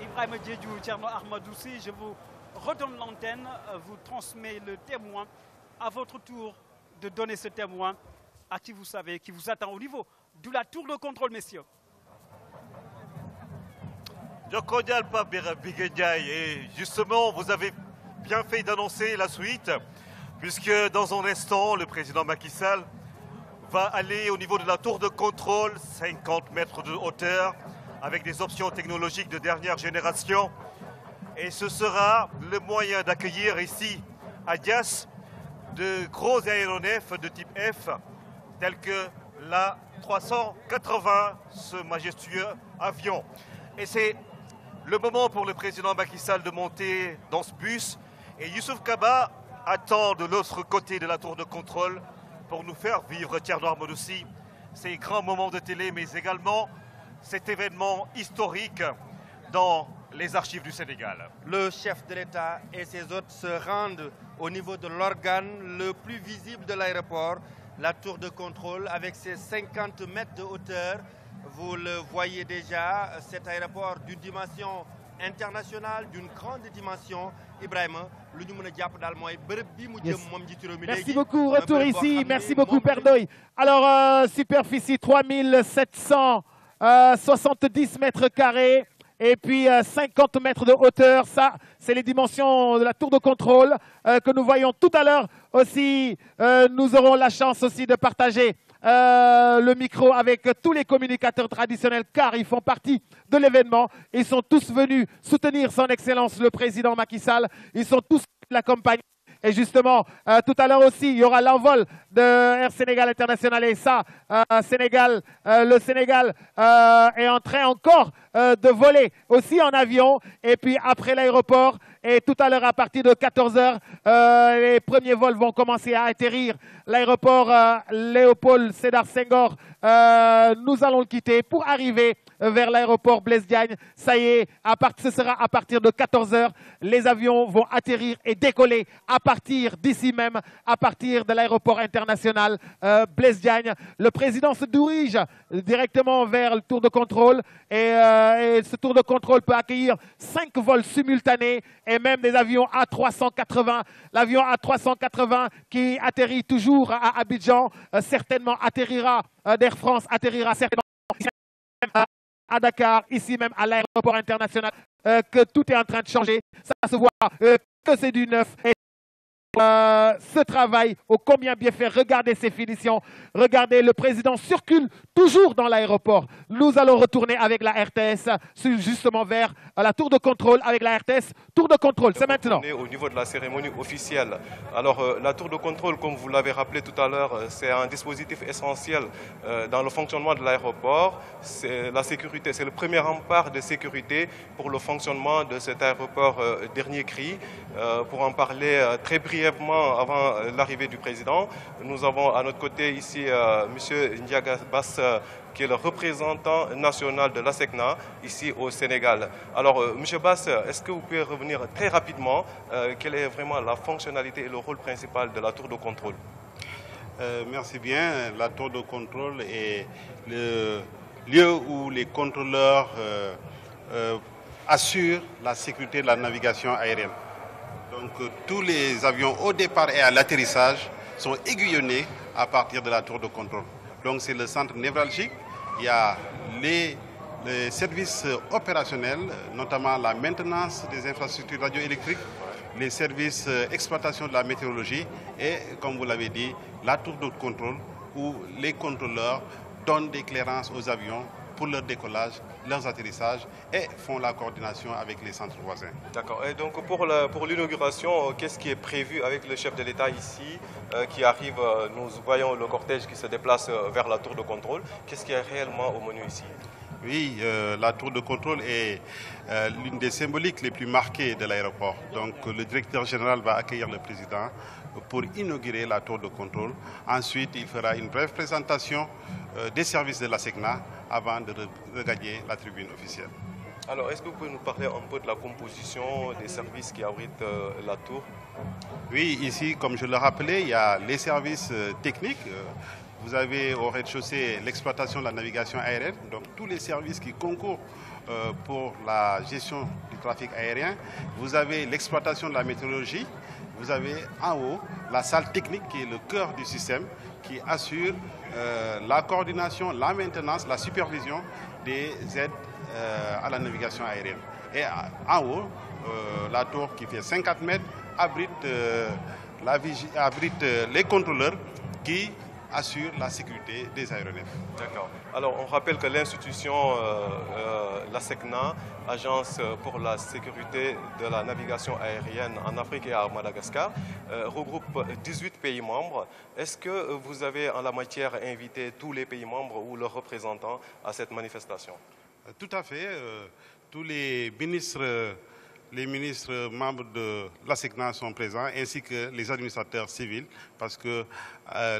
Ibrahim Ibrahim Diédiou, Armadou, Armadoussi. Je vous redonne l'antenne, vous transmets le témoin à votre tour de donner ce témoin à qui vous savez, qui vous attend au niveau de la tour de contrôle, messieurs. Et justement, vous avez bien fait d'annoncer la suite, puisque dans un instant, le président Macky Sall va aller au niveau de la tour de contrôle, 50 mètres de hauteur, avec des options technologiques de dernière génération. Et ce sera le moyen d'accueillir ici, à de gros aéronefs de type F, tels que la 380, ce majestueux avion. Et c'est le moment pour le président Macky Sall de monter dans ce bus. Et Youssouf Kaba attend de l'autre côté de la tour de contrôle pour nous faire vivre Tiernoir C'est ces grands moments de télé, mais également cet événement historique dans les archives du Sénégal. Le chef de l'État et ses hôtes se rendent au niveau de l'organe le plus visible de l'aéroport, la tour de contrôle avec ses 50 mètres de hauteur. Vous le voyez déjà, cet aéroport d'une dimension internationale, d'une grande dimension. Ibrahim, lu ñu merci beaucoup retour ici merci beaucoup Père alors euh, superficie 3770 euh, mètres carrés et puis 50 euh, mètres de hauteur. Ça, c'est les dimensions de la tour de contrôle euh, que nous voyons tout à l'heure aussi. Euh, nous aurons la chance aussi de partager le micro avec tous les communicateurs traditionnels car ils font partie de l'événement. Ils sont tous venus soutenir son Excellence le président Macky Sall. Ils sont tous la campagne. Et justement, euh, tout à l'heure aussi, il y aura l'envol de Air Sénégal International. Et ça, euh, Sénégal, euh, le Sénégal est en train encore de voler aussi en avion. Et puis après l'aéroport, et tout à l'heure à partir de 14h, les premiers vols vont commencer à atterrir. L'aéroport Léopold Sédar Senghor, nous allons le quitter pour arriver euh, vers l'aéroport Blaise Diagne. Ça y est, à ce sera à partir de 14h. Les avions vont atterrir et décoller à partir d'ici même, à partir de l'aéroport international euh, Blaise Diagne. Le président se dirige directement vers le tour de contrôle et, euh, ce tour de contrôle peut accueillir 5 vols simultanés et même des avions A380. L'avion A380 qui atterrit toujours à Abidjan, certainement atterrira d'Air France atterrira certainement à Dakar, ici même à l'aéroport international, euh, que tout est en train de changer. Ça se voit euh, que c'est du neuf euh, ce travail, au combien bien fait. Regardez ces finitions. Regardez, le président circule toujours dans l'aéroport. Nous allons retourner avec la RTS, justement vers euh, la tour de contrôle, avec la RTS. Tour de contrôle, c'est maintenant. Au niveau de la cérémonie officielle. Alors, euh, la tour de contrôle, comme vous l'avez rappelé tout à l'heure, c'est un dispositif essentiel dans le fonctionnement de l'aéroport. C'est la sécurité, c'est le premier rempart de sécurité pour le fonctionnement de cet aéroport dernier cri. pour en parler très brièvement, avant euh, l'arrivée du président. Nous avons à notre côté ici euh, Monsieur M. Bass, euh, qui est le représentant national de l'ASECNA ici au Sénégal. Alors, M. Bass, est-ce que vous pouvez revenir très rapidement Quelle est vraiment la fonctionnalité et le rôle principal de la tour de contrôle Merci bien. La tour de contrôle est le lieu où les contrôleurs assurent la sécurité de la navigation aérienne. Donc euh, tous les avions au départ et à l'atterrissage sont aiguillonnés à partir de la tour de contrôle. Donc c'est le centre névralgique. Il y a les, services opérationnels, notamment la maintenance des infrastructures radioélectriques, les services euh, exploitation de la météorologie et, comme vous l'avez dit, la tour de contrôle où les contrôleurs donnent des clairances aux avions pour leur décollage, leurs atterrissages et font la coordination avec les centres voisins. D'accord. Et donc pour l'inauguration, euh, qu'est-ce qui est prévu avec le chef de l'État ici euh, qui arrive euh, Nous voyons le cortège qui se déplace vers la tour de contrôle. Qu'est-ce qui est réellement au menu ici oui, la tour de contrôle est l'une des symboliques les plus marquées de l'aéroport. Donc le directeur général va accueillir le président pour inaugurer la tour de contrôle. Ensuite, il fera une brève présentation euh, des services de la SECNA avant de regagner la tribune officielle. Alors, est-ce que vous pouvez nous parler un peu de la composition des services qui abritent euh, la tour Oui, ici, comme je le rappelais, il y a les services euh, techniques. Vous avez au rez-de-chaussée l'exploitation de la navigation aérienne, donc tous les services qui concourent pour la gestion du trafic aérien. Vous avez l'exploitation de la météorologie, vous avez en haut la salle technique qui est le cœur du système, qui assure euh, la coordination, la maintenance, la supervision des aides euh, à la navigation aérienne. Et en haut, euh, la tour qui fait 50 mètres abrite, les contrôleurs qui assurent la sécurité des aéronefs. D'accord. Alors, on rappelle que l'institution, la SECNA, agence euh, pour la sécurité de la navigation aérienne en Afrique et à Madagascar, euh, regroupe 18 pays membres. Est-ce que vous avez en la matière invité tous les pays membres ou leurs représentants à cette manifestation euh, Tout à fait. tous les ministres, les ministres membres de l'ASECNA sont présents, ainsi que les administrateurs civils, parce que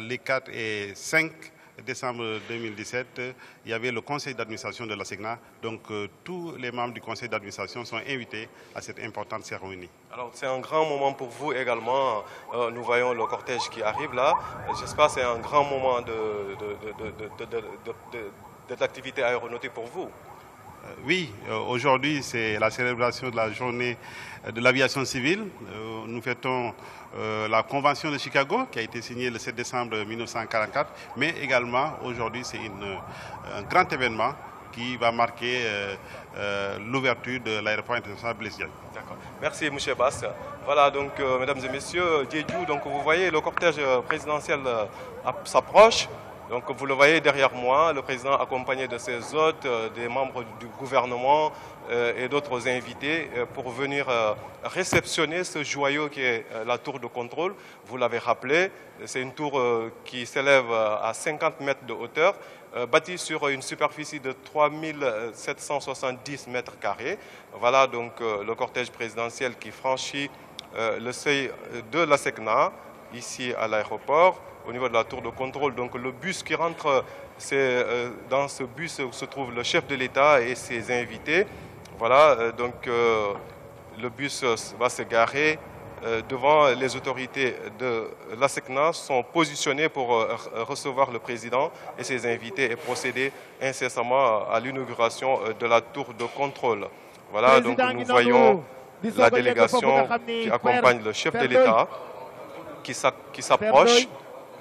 les 4 et 5 décembre 2017, il y avait le conseil d'administration de la Signa, Donc tous les membres du conseil d'administration sont invités à cette importante cérémonie. Alors c'est un grand moment pour vous également. nous voyons le cortège qui arrive là. J'espère que c'est un grand moment de, de, aéronautique pour vous euh, oui, euh, aujourd'hui c'est la célébration de la journée euh, de l'aviation civile. nous fêtons la Convention de Chicago qui a été signée le 7 décembre 1944, mais également aujourd'hui c'est un grand événement qui va marquer l'ouverture de l'aéroport international Blaise D'accord. Merci, M. Bass. Voilà, donc, mesdames et messieurs, Djedjou, donc vous voyez, le cortège présidentiel s'approche. Donc vous le voyez derrière moi, le président accompagné de ses hôtes, euh, des membres du gouvernement euh, et d'autres invités euh, pour venir réceptionner ce joyau qui est la tour de contrôle. Vous l'avez rappelé, c'est une tour qui s'élève à 50 mètres de hauteur, bâtie sur une superficie de 3770 mètres carrés. Voilà donc le cortège présidentiel qui franchit le seuil de la SECNA, ici à l'aéroport, au niveau de la tour de contrôle. Donc le bus qui rentre, c'est euh, dans ce bus où se trouve le chef de l'État et ses invités. Voilà, euh, donc euh, le bus va se garer devant les autorités de la SECNA sont positionnées pour recevoir le président et ses invités et procéder incessamment à l'inauguration de la tour de contrôle. Voilà, donc nous voyons la délégation qui accompagne le chef de l'État qui s'approche.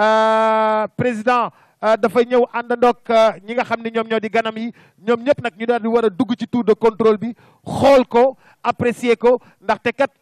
Euh, président euh, dafay ñëw àndandoog euh, ñi nga xam ne ñoom ñoo di ganam yi ñoom ñëpp nag ñu daal di war a dugg ci tout de contrôle bi xool ko apprécier ko ndaxte kat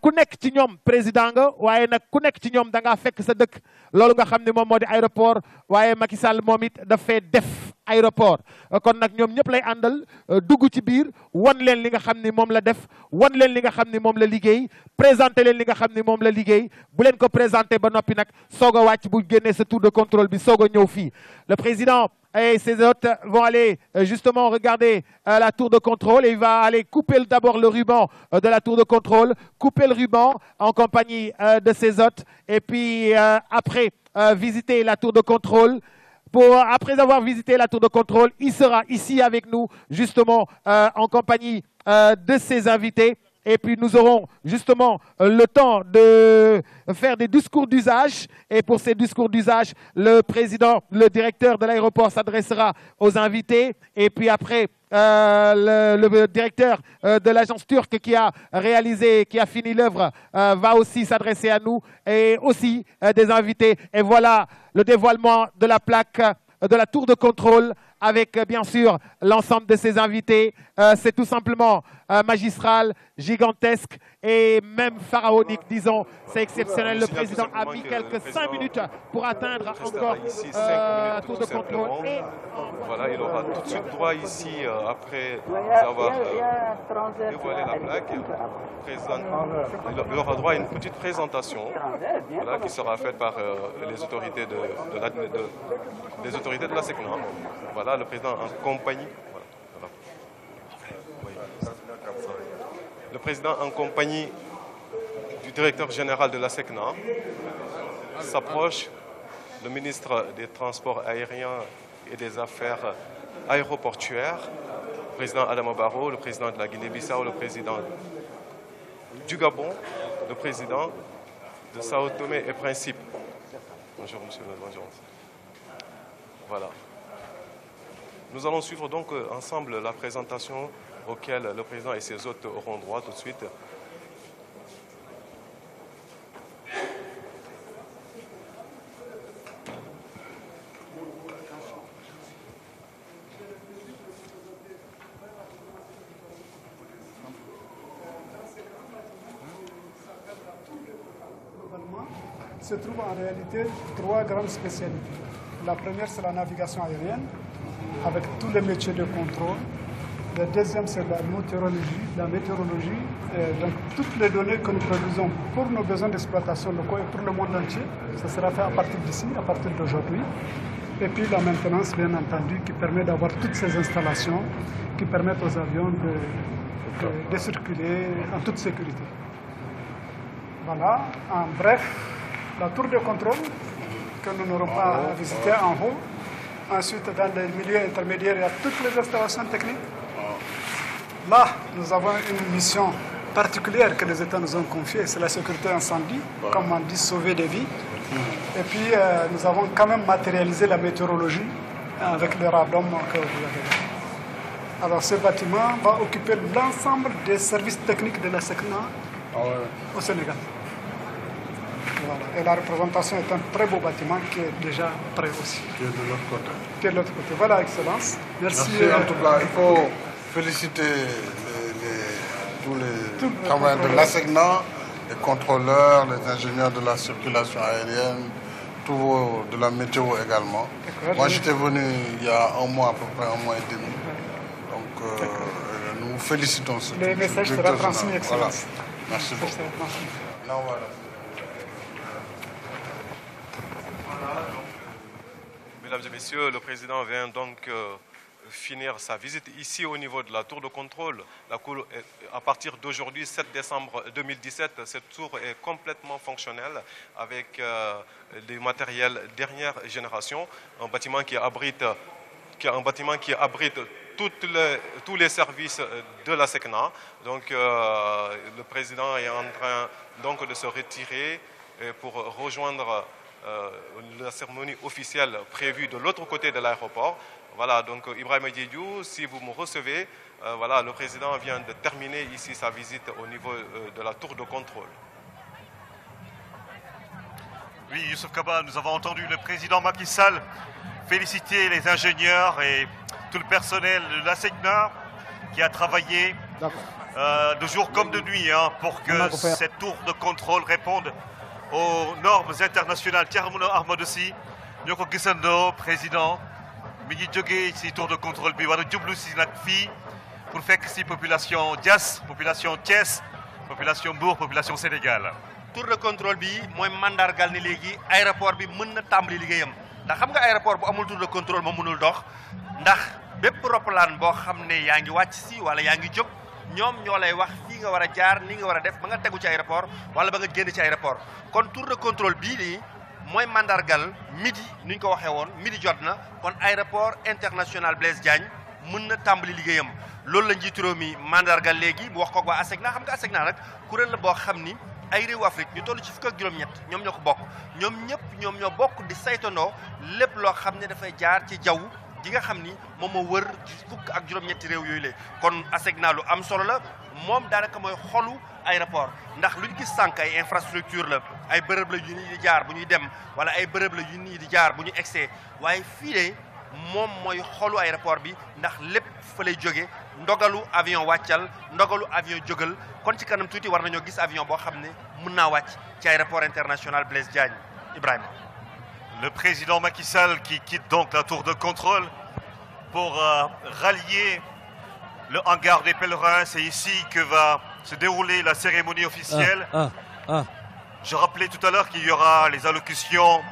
ku nekk ci ñoom président nga waaye nag ku nekk ci ñoom da ngaa fekk sa dëkk loolu nga xam ne moom moo di aéroport waaye Macky Sall moom it daf fee def aéroport kon nak ñom ñep lay andal euh, duggu ci biir won leen li nga xamni mom la def won leen li nga xamni mom la liggéey présenter leen li nga xamni mom la liggéey bu leen ko présenter ba nopi nak sogo wacc bu génnee ce tour de contrôle bi sogo a fi le président et ses hôtes vont aller euh, justement regarder euh, la tour de contrôle et il va aller couper d'abord le ruban de la tour de contrôle, couper le ruban en compagnie de ses hôtes et puis après visiter la tour de contrôle, pour, après avoir visité la tour de contrôle, il sera ici avec nous, justement, euh, en compagnie euh, de ses invités. Et puis nous aurons justement euh, le temps de faire des discours d'usage. Et pour ces discours d'usage, le président, le directeur de l'aéroport s'adressera aux invités. Et puis après, euh, le, directeur euh, de l'agence turque qui a réalisé, qui a fini l'œuvre, va aussi s'adresser à nous et aussi des invités. Et voilà le dévoilement de la plaque de la tour de contrôle avec bien sûr l'ensemble de ses invités. C'est tout simplement euh, magistral, gigantesque et même pharaonique, disons. C'est exceptionnel. Le président a mis quelques 5 minutes pour atteindre encore un euh, tour de contrôle. voilà, il aura tout de suite droit ici, euh, après avoir dévoilé la plaque. Il aura droit à une petite présentation qui sera faite par les autorités de, la, de, autorités de hein. Voilà, le président en compagnie le président en compagnie du directeur général de la SECNA s'approche, le ministre des Transports aériens et des Affaires aéroportuaires, le président Adama Barrow, le président de la Guinée-Bissau, le président du Gabon, le président de Sao Tomé et Principe. Bonjour, monsieur le Président. Voilà. Nous allons suivre donc euh, ensemble la présentation auquel le président et ses hôtes auront droit tout de suite. se trouvent en réalité trois grandes spécialités. La première, c'est la navigation aérienne, avec tous les métiers de contrôle, la deuxième, c'est la météorologie. La météorologie euh, donc, toutes les données que nous produisons pour nos besoins d'exploitation locaux et pour le monde entier, ça sera fait à partir d'ici, à partir d'aujourd'hui. Et puis la maintenance, bien entendu, qui permet d'avoir toutes ces installations qui permettent aux avions de, de circuler en toute sécurité. Voilà, en bref, la tour de contrôle que nous n'aurons pas à visiter en haut. Ensuite, dans les milieux intermédiaires, il y a toutes les installations techniques. Là, bah, nous avons une mission particulière que les États nous ont confiée, c'est la sécurité incendie, bah. comme on dit, sauver des vies. Hmm. Et puis, euh, nous avons quand même matérialisé la météorologie avec le radom que vous avez. Alors, ce bâtiment va occuper l'ensemble des services techniques de la SECNA ah au Sénégal. Et la représentation est un très beau bâtiment qui est déjà prêt aussi. Qui est de l'autre côté. Qui est de l'autre côté. Voilà, Excellence. Merci. Euh, féliciter tous les travailleurs de l'assignant, les contrôleurs, les ingénieurs de la circulation aérienne, tous de la météo également. Moi, j'étais venu il y a un mois, à peu près un mois et demi. Donc, euh, nous félicitons. Le message sera transmis, voilà. Merci euh, beaucoup. Mesdames et messieurs, le président vient donc... Euh, finir sa visite ici au niveau de la tour de contrôle. La à partir d'aujourd'hui, 7 décembre 2017, cette tour est complètement fonctionnelle avec euh, des matériels dernière génération, un bâtiment qui abrite, un bâtiment qui abrite tous les services de la SECNA. Donc euh, le président est en train donc, de se retirer pour rejoindre euh, la cérémonie officielle prévue de l'autre côté de l'aéroport. Voilà, donc Ibrahim Diédiou, si vous me recevez, euh, voilà, le président vient de terminer ici sa visite au niveau euh, de la tour de contrôle. Oui, Youssef Kaba, nous avons entendu le président Makissal féliciter les ingénieurs et tout le personnel de la SECNA qui a travaillé euh, de jour comme de nuit hein, pour que cette tour de contrôle réponde aux normes internationales. aussi, Nyoko président mi ngi jógee ci tour de contrôle bi war a jublu ci nag fii pour fekk ci population Diass population Thiès population Mbour population Sénégal. tour de contrôle bi mooy mandargal ni légui aéroport bi mën na tàmbali liggéeyam ndax xam nga aéroport bu amul tour de contrôle mo mënul dox ndax bép roplan bo xamné ne yaa ngi wàcc wala yaa ngi jóg ñoom ñoo wax fi nga wara jaar ni nga wara def ba nga tegu ci aéroport wala ba nga génn ci aéroport kon tour de contrôle bi nii. mooy mandargal midi ni ñu ko waxee woon midi jot na kon aéroport international Blaise Diagne mën na tàmbali liggéeyam loolu la njiitu réew mi mandargal léegi mu wax ko waa ASECNA xam nga ASECNA nag kuréel la boo xam ni ay réewu Afrique ñu toll ci fukk ak juróom-ñett ñoom ñoo ko bokk ñoom ñëpp ñoom ñoo bokk di saytandoo lépp loo xam ne dafay jaar ci jaww ji nga xam ni moom moo wër fukk ak juróom-ñetti réew yooyu la kon naa lu am solo la. da naka moy xolu aéroport ndax lu ñu gis sànq ay infrastructure la ay bërëb la yu ni di jaar buñuy dem wala ay bërëb la yu ni di jaar bu ñu egsee fi fii mom moy xolu aéroport bi ndax lepp fa lay ndogalu avion wàccal ndogalu avion jógal kon ci kanam tuuti war nañoo gis avion bo xamné ne mën ci aéroport international Blaise Diagne Ibrahim Le président Macky Sall qui quitte donc la tour de contrôle pour euh, rallier le hangar des pèlerins. C'est ici que va se dérouler la cérémonie officielle. Ah, ah, ah. Je rappelais tout à l'heure qu'il y aura les allocutions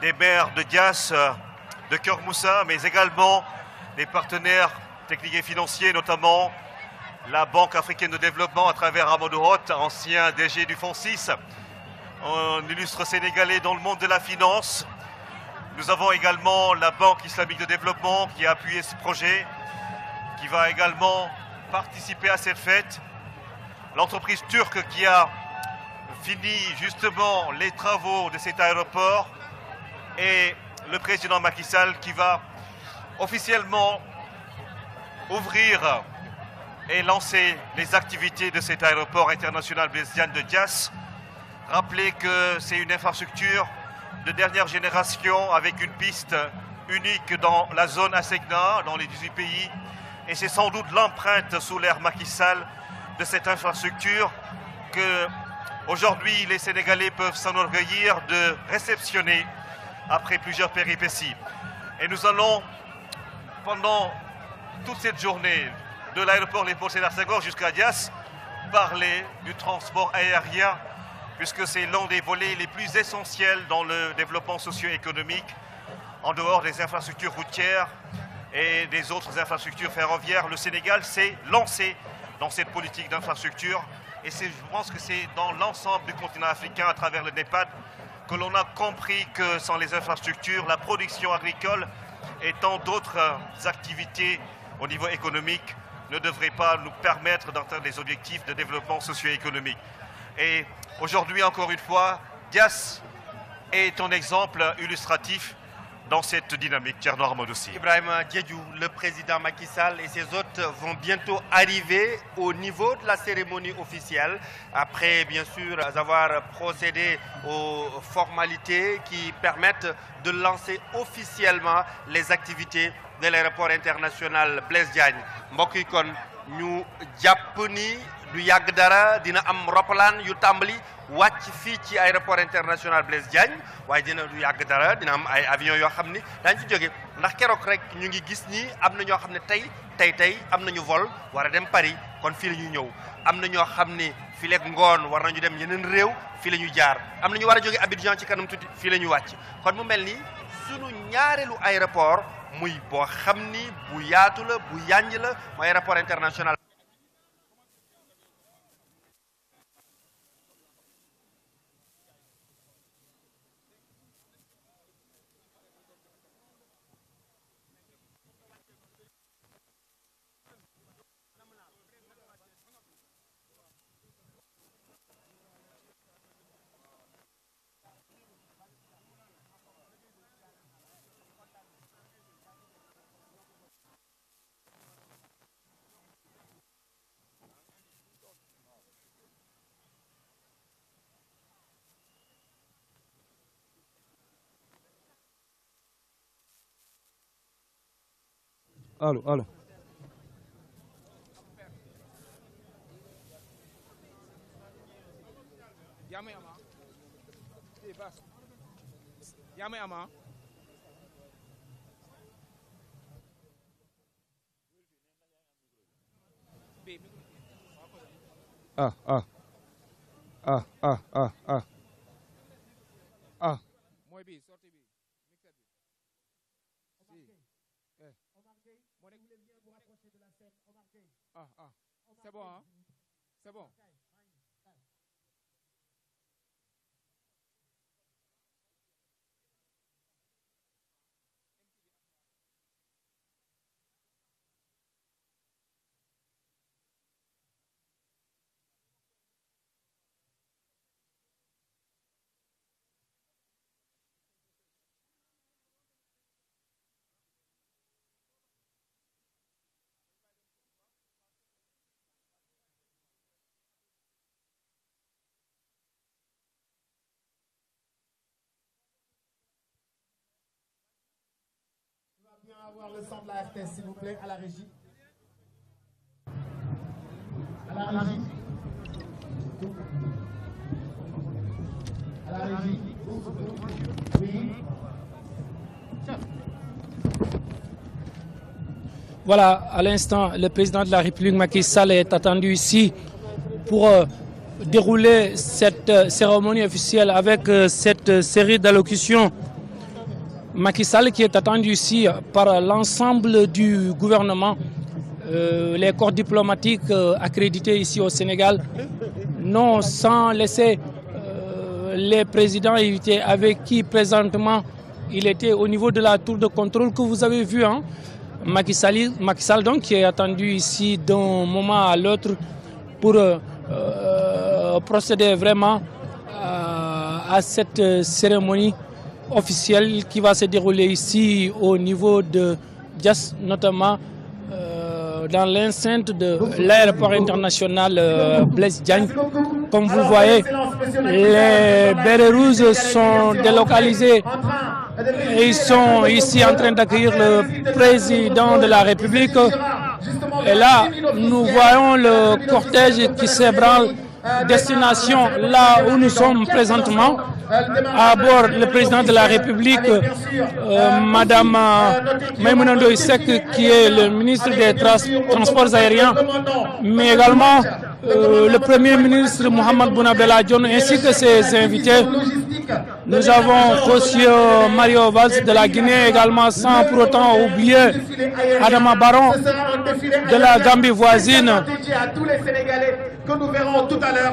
des maires de Dias, euh, de Moussa, mais également des partenaires techniques et financiers, notamment la Banque africaine de développement à travers Amadou Hot, ancien DG du Fonds 6, un illustre sénégalais dans le monde de la finance. Nous avons également la Banque islamique de développement qui a appuyé ce projet qui va également participer à cette fête. L'entreprise turque qui a fini justement les travaux de cet aéroport et le président Macky qui va officiellement ouvrir et lancer les activités de cet aéroport international Besian de Dias. Rappelez que c'est une infrastructure de dernière génération avec une piste unique dans la zone Assegna, dans les 18 pays et c'est sans doute l'empreinte sous l'air maquisal de cette infrastructure que aujourd'hui les Sénégalais peuvent s'enorgueillir de réceptionner après plusieurs péripéties. Et nous allons, pendant toute cette journée, de l'aéroport Les et d'Arsagor jusqu'à Dias, parler du transport aérien, puisque c'est l'un des volets les plus essentiels dans le développement socio-économique, en dehors des infrastructures routières, et des autres infrastructures ferroviaires, le Sénégal s'est lancé dans cette politique d'infrastructure. Et je pense que c'est dans l'ensemble du continent africain, à travers le NEPAD, que l'on a compris que sans les infrastructures, la production agricole et tant d'autres euh, activités au niveau économique ne devraient pas nous permettre d'atteindre les objectifs de développement socio-économique. Et aujourd'hui, encore une fois, Dias est un exemple illustratif dans cette dynamique, Tierno aussi. Ibrahim Diédou, le président Macky Sall et ses hôtes vont bientôt arriver au niveau de la cérémonie officielle, après bien sûr avoir procédé aux formalités qui permettent de lancer officiellement les activités de l'aéroport international Blaise Diagne. Mokikon, nous kon du yàgg dara dina am roppalaan yu tàmbali wàcc fii ci aéroport international Blaise Diagne waaye dina du yàgg dara dina am ay avion yoo xam ni daañu ci jóge ndax keroog rek ñu ngi gis ni am na ñoo xam ne tey tey tey am nañu vol war a dem Paris kon fii la ñuy ñëw am na ñoo xam ne fii lekk ngoon war na ñu dem yeneen réew fii la ñuy jaar am na ñu war a jóge Abidjan ci kanam tuuti fii la ñuy wàcc kon mu mel ni sunu ñaareelu aéroport muy boo xam ni bu yaatu la bu yànj la mooy aéroport Alo, alo. Chiamiamo? Sì, basta. ama. Ah, ah. Ah, ah, ah, ah. C'est bon, hein C'est bon. s'il Voilà, à l'instant, le président de la République, Macky Sall, est attendu ici pour euh, dérouler cette euh, cérémonie officielle avec euh, cette série d'allocutions Macky Sall qui est attendu ici par l'ensemble du gouvernement, euh, les corps diplomatiques euh, accrédités ici au Sénégal, non sans laisser euh, les présidents éviter avec qui présentement il était au niveau de la tour de contrôle que vous avez vu. Hein, Macky, donc qui est attendu ici d'un moment à l'autre pour procéder vraiment à cette cérémonie Officiel qui va se dérouler ici au niveau de Jas notamment euh, dans l'enceinte de l'aéroport international euh, Blaise Comme vous voyez, les bérets sont délocalisés et ils sont ici en train d'accueillir le président de la République. Et là, nous voyons le cortège qui s'ébranle destination là où nous sommes présentement à bord le président de la République, euh, Madame euh, Maimouna qui est le ministre des Transports aériens, mais également euh, le Premier ministre Mohamed Bounabela Dion, ainsi que ses invités. Nous avons reçu Mario Vaz de la Guinée également sans pour autant oublier Adama Baron de la Gambie voisine. À tous les Sénégalais Que nous verrons tout à l'heure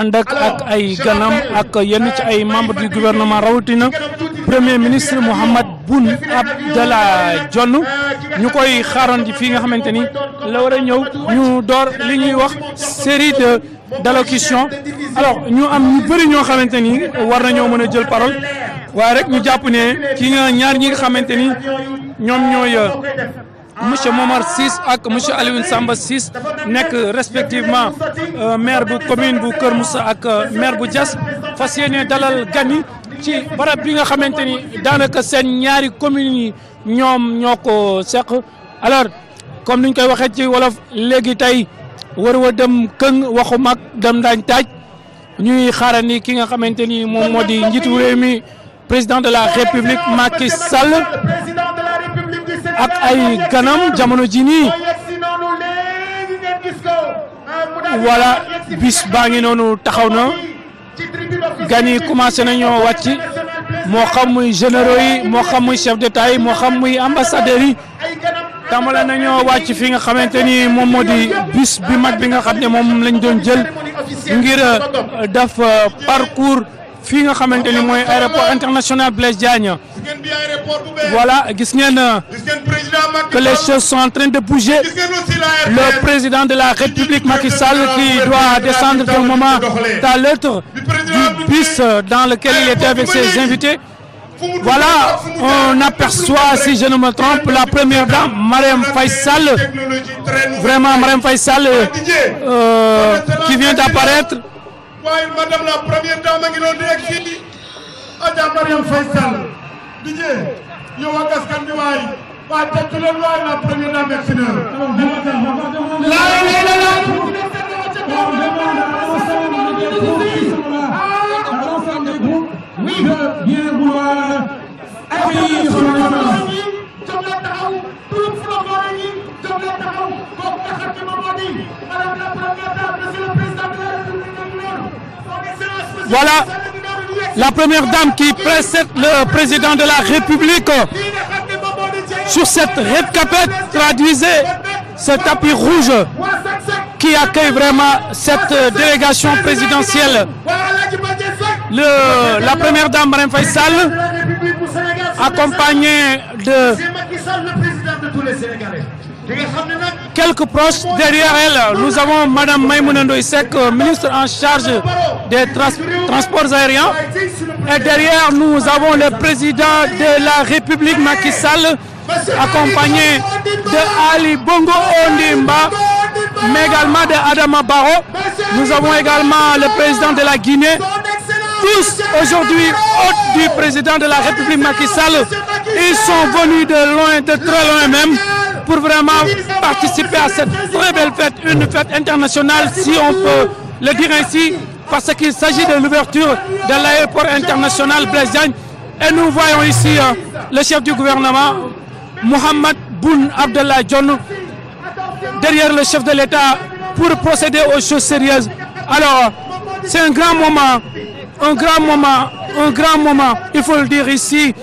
ànd ak ak ay ganam ak yenn ci ay euh, membre du gouvernement rawatina premier ministre Mouhamed Boun Abdallah Dionne ñu koy xaaroon ji fi nga xamante ni la war a ñëw ñu door li ñuy wax série de d'allocution ñu am ñu bëri ñoo xamante ni war nañoo mën a jël parole waaye rek ñu jàpp ne ki nga ñaar ñi nga xamante ni ñoom ñooy euh, monsieur Momar Ciss ak monsieur Alioune Samba Ciss nekk respectivement euh, maire bu commune bu Kër Moussa ak euh, maire bu Diass fas yéene dalal gan yi ci barab bi nga xamante ni daanaka seen ñaari communes yi ñoom ñoo ko seq alors comme niñ koy waxee ci wolof léegi tey war wa dem waxu mag dem daañ taaj ñuy xaarandi ki nga xamante ni moom moo di njiitu président de la république Macky Sall ak ay ganam jamono ji nii voilà bis baa ngi noonu taxaw na gan yi commencé nañoo wàcc moo xam muy généraux yi moo xam muy chef d'état yi moo xam muy ambassadeurs yi tàmbale nañoo wàcc fi nga xamante ni moom moo di bis bi mag bi nga xam ne moom lañ doon jël ngir euh, def euh, parcours. nga aéroport international Blaise voilà que les choses sont en train de bouger le président de la République Macky Sall qui doit descendre le moment à l'autre bus dans lequel il était avec ses invités voilà, on aperçoit, si je ne me trompe, la première dame, Mariam Faisal. Vraiment, Mariam Faisal, euh, qui vient d'apparaître. waaye madame la première dame a ngi doon di egg fii Adja Mariam Faye Sall di jee yow ak askan bi waay waa tegtu leen waay la première dame egg si na laa leen la Oui, bien vouloir accueillir son excellence. Voilà la Première Dame qui précède le Président de la République sur cette red capette traduisez ce tapis rouge qui accueille vraiment cette délégation présidentielle. la première dame, Mme Faisal, accompagnée de Quelques proches derrière elle, nous avons Madame Maïmouna Isek, euh, ministre en charge des transports aériens. Et derrière, nous avons le président de la République Macky Sall, accompagné de Ali Bongo Ondimba, mais également de Adama Barro. Nous avons également le président de la Guinée. Tous aujourd'hui hôtes du président de la République Macky Sall ils sont venus de loin, de très loin même, pour vraiment participer à cette très belle fête, une fête internationale, si on peut le dire ainsi, parce qu'il s'agit de l'ouverture de l'aéroport international Blaise Et nous voyons ici euh, le chef du gouvernement, Mohamed Boun Abdallah John, derrière le chef de l'État pour procéder aux choses sérieuses. Alors, c'est un grand moment, un grand moment, un grand moment, il faut le dire ici,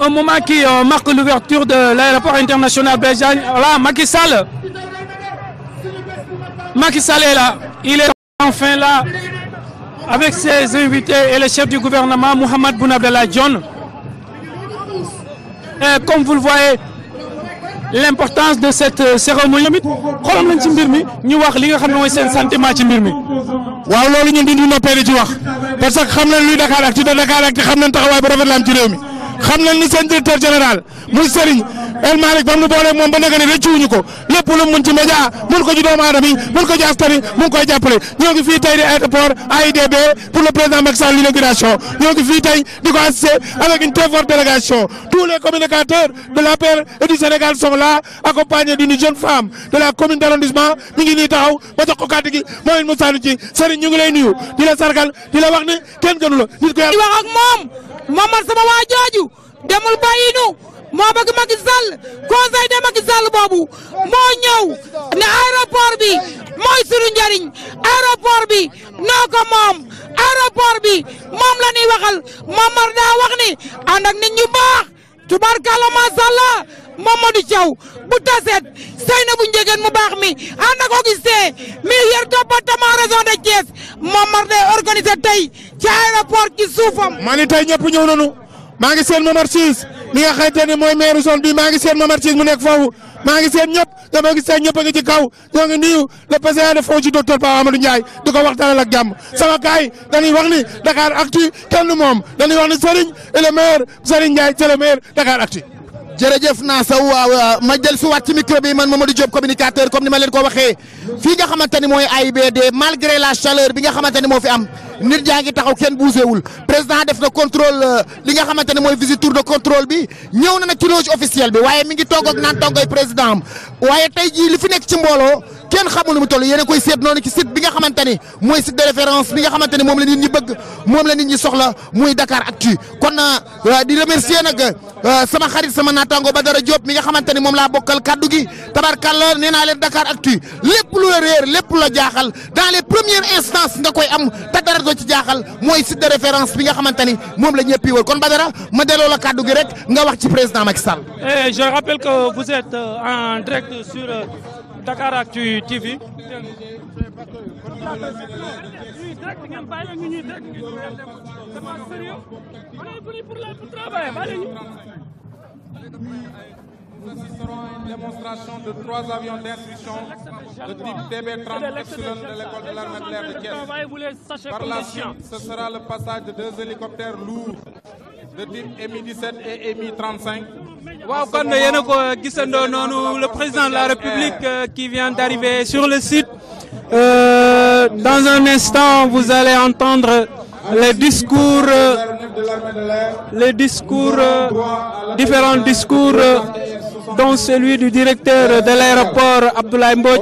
un moment qui euh, marque l'ouverture de l'aéroport international Belgique. Là, Macky Sall, est là. Il est enfin là avec ses invités et le chef du gouvernement, Mohamed Bounabdallah John. Et comme vous le voyez, l'importance de cette euh, cérémonie. que xam nañ ni seen directeur général muy Serigne El Malick ba nu booleeg moom ba nag ne rëccuwuñu ko lépp lu mun ci média mun ko ci doomu aadama mun ko ci askan wi mu ngi ñoo ngi fii tey di aéroport AIBD pour le président Macky Sall l'inauguration ñoo ngi fii tey di ko assister avec une très forte délégation tous de l'APR et du Sénégal sont là accompagnés d'une jeune femme de la commune d'arrondissement mi ngi nii taxaw ba jox ko mooy Moussa Ndiou ci ngi lay nuyu di la sargal la wax moom man sama waa demul bàyyi moo bëgg Macky Sall conseil de Macky Sall boobu moo ñëw ne aéroport bi mooy sunu njariñ aéroport bi noo ko moom aéroport bi moom la ñuy waxal Momar daa wax ni ànd ak nit ñu baax tubarkalla maasàllaa Mamadou bu taset sëy na bu njegeen mu baax mi ànd ak Augustin mi yor département région de Thiès moom mar day organisé tey ci aéroport ci suufam. ma ni tey ñëpp ñëw nañu maa ngi seen Momar Ciss mi nga xamante ne mooy maire zone bi maa ngi seen Momar Ciss mu nekk foofu maa ngi seen ñëpp dama gis seen ñëpp a ngi ci kaw ñoo ngi nuyu le PCA de fond ci docteur Pape Amadou Ndiaye di ko waxtaanal ak jàmm sama kaay dañuy wax ni Dakar Actu kenn du moom dañuy wax ni Serigne et le maire jërëjëf naa saw waaw ma jël si waat ci micro bi man Mamadou Diop communicateur comme ni ma leen ko waxee fii nga xamante ni mooy AIBD malgré la chaleur bi nga xamante ni moo fi am nit yaa ngi taxaw kenn buusewul président def na contrôle euh, li nga xamante ne mooy visite tour de contrôle bi ñëw na nag ci loge bi waaye mi ngi toog ak naan toggoy président am waaye tey jii li fi nekk ci mbooloo. Ken xamul nu mu toll yéen koy seet noonu ci site bi nga xamante moy site de référence bi nga xamante mom la nit ñi bëgg mom la nit ñi soxla moy Dakar Actu kon euh, di remercier nag euh, sama xarit sama natango Badara Diop mi nga xamante mom la bokal kaddu gi tabarkallah nee naa Dakar Actu lepp lu la lepp lépp la jaaxal dans les premières instances nga koy am te dara doo ci jaaxal moy site de référence bi nga xamante mom la ñëpp wër kon Badara ma delloo la kaddu gi rek nga wax ci président Macky Sall. Eh, je rappelle que vous êtes euh, en direct sur. Actu TV. Nous assisterons à une démonstration de trois avions d'instruction de type DB-30 Epsilon de l'école de l'armée de l'air de Thiès. Par la suite, ce sera le passage de deux hélicoptères lourds le 17 et 35. le président de la République euh, qui vient d'arriver sur le site. Euh, dans un instant vous allez entendre les discours euh, les discours différents discours dont celui du directeur de l'aéroport Abdoulaye Mboy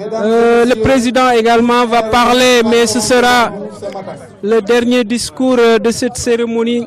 le président également va parler, mais ce sera le dernier discours de cette cérémonie.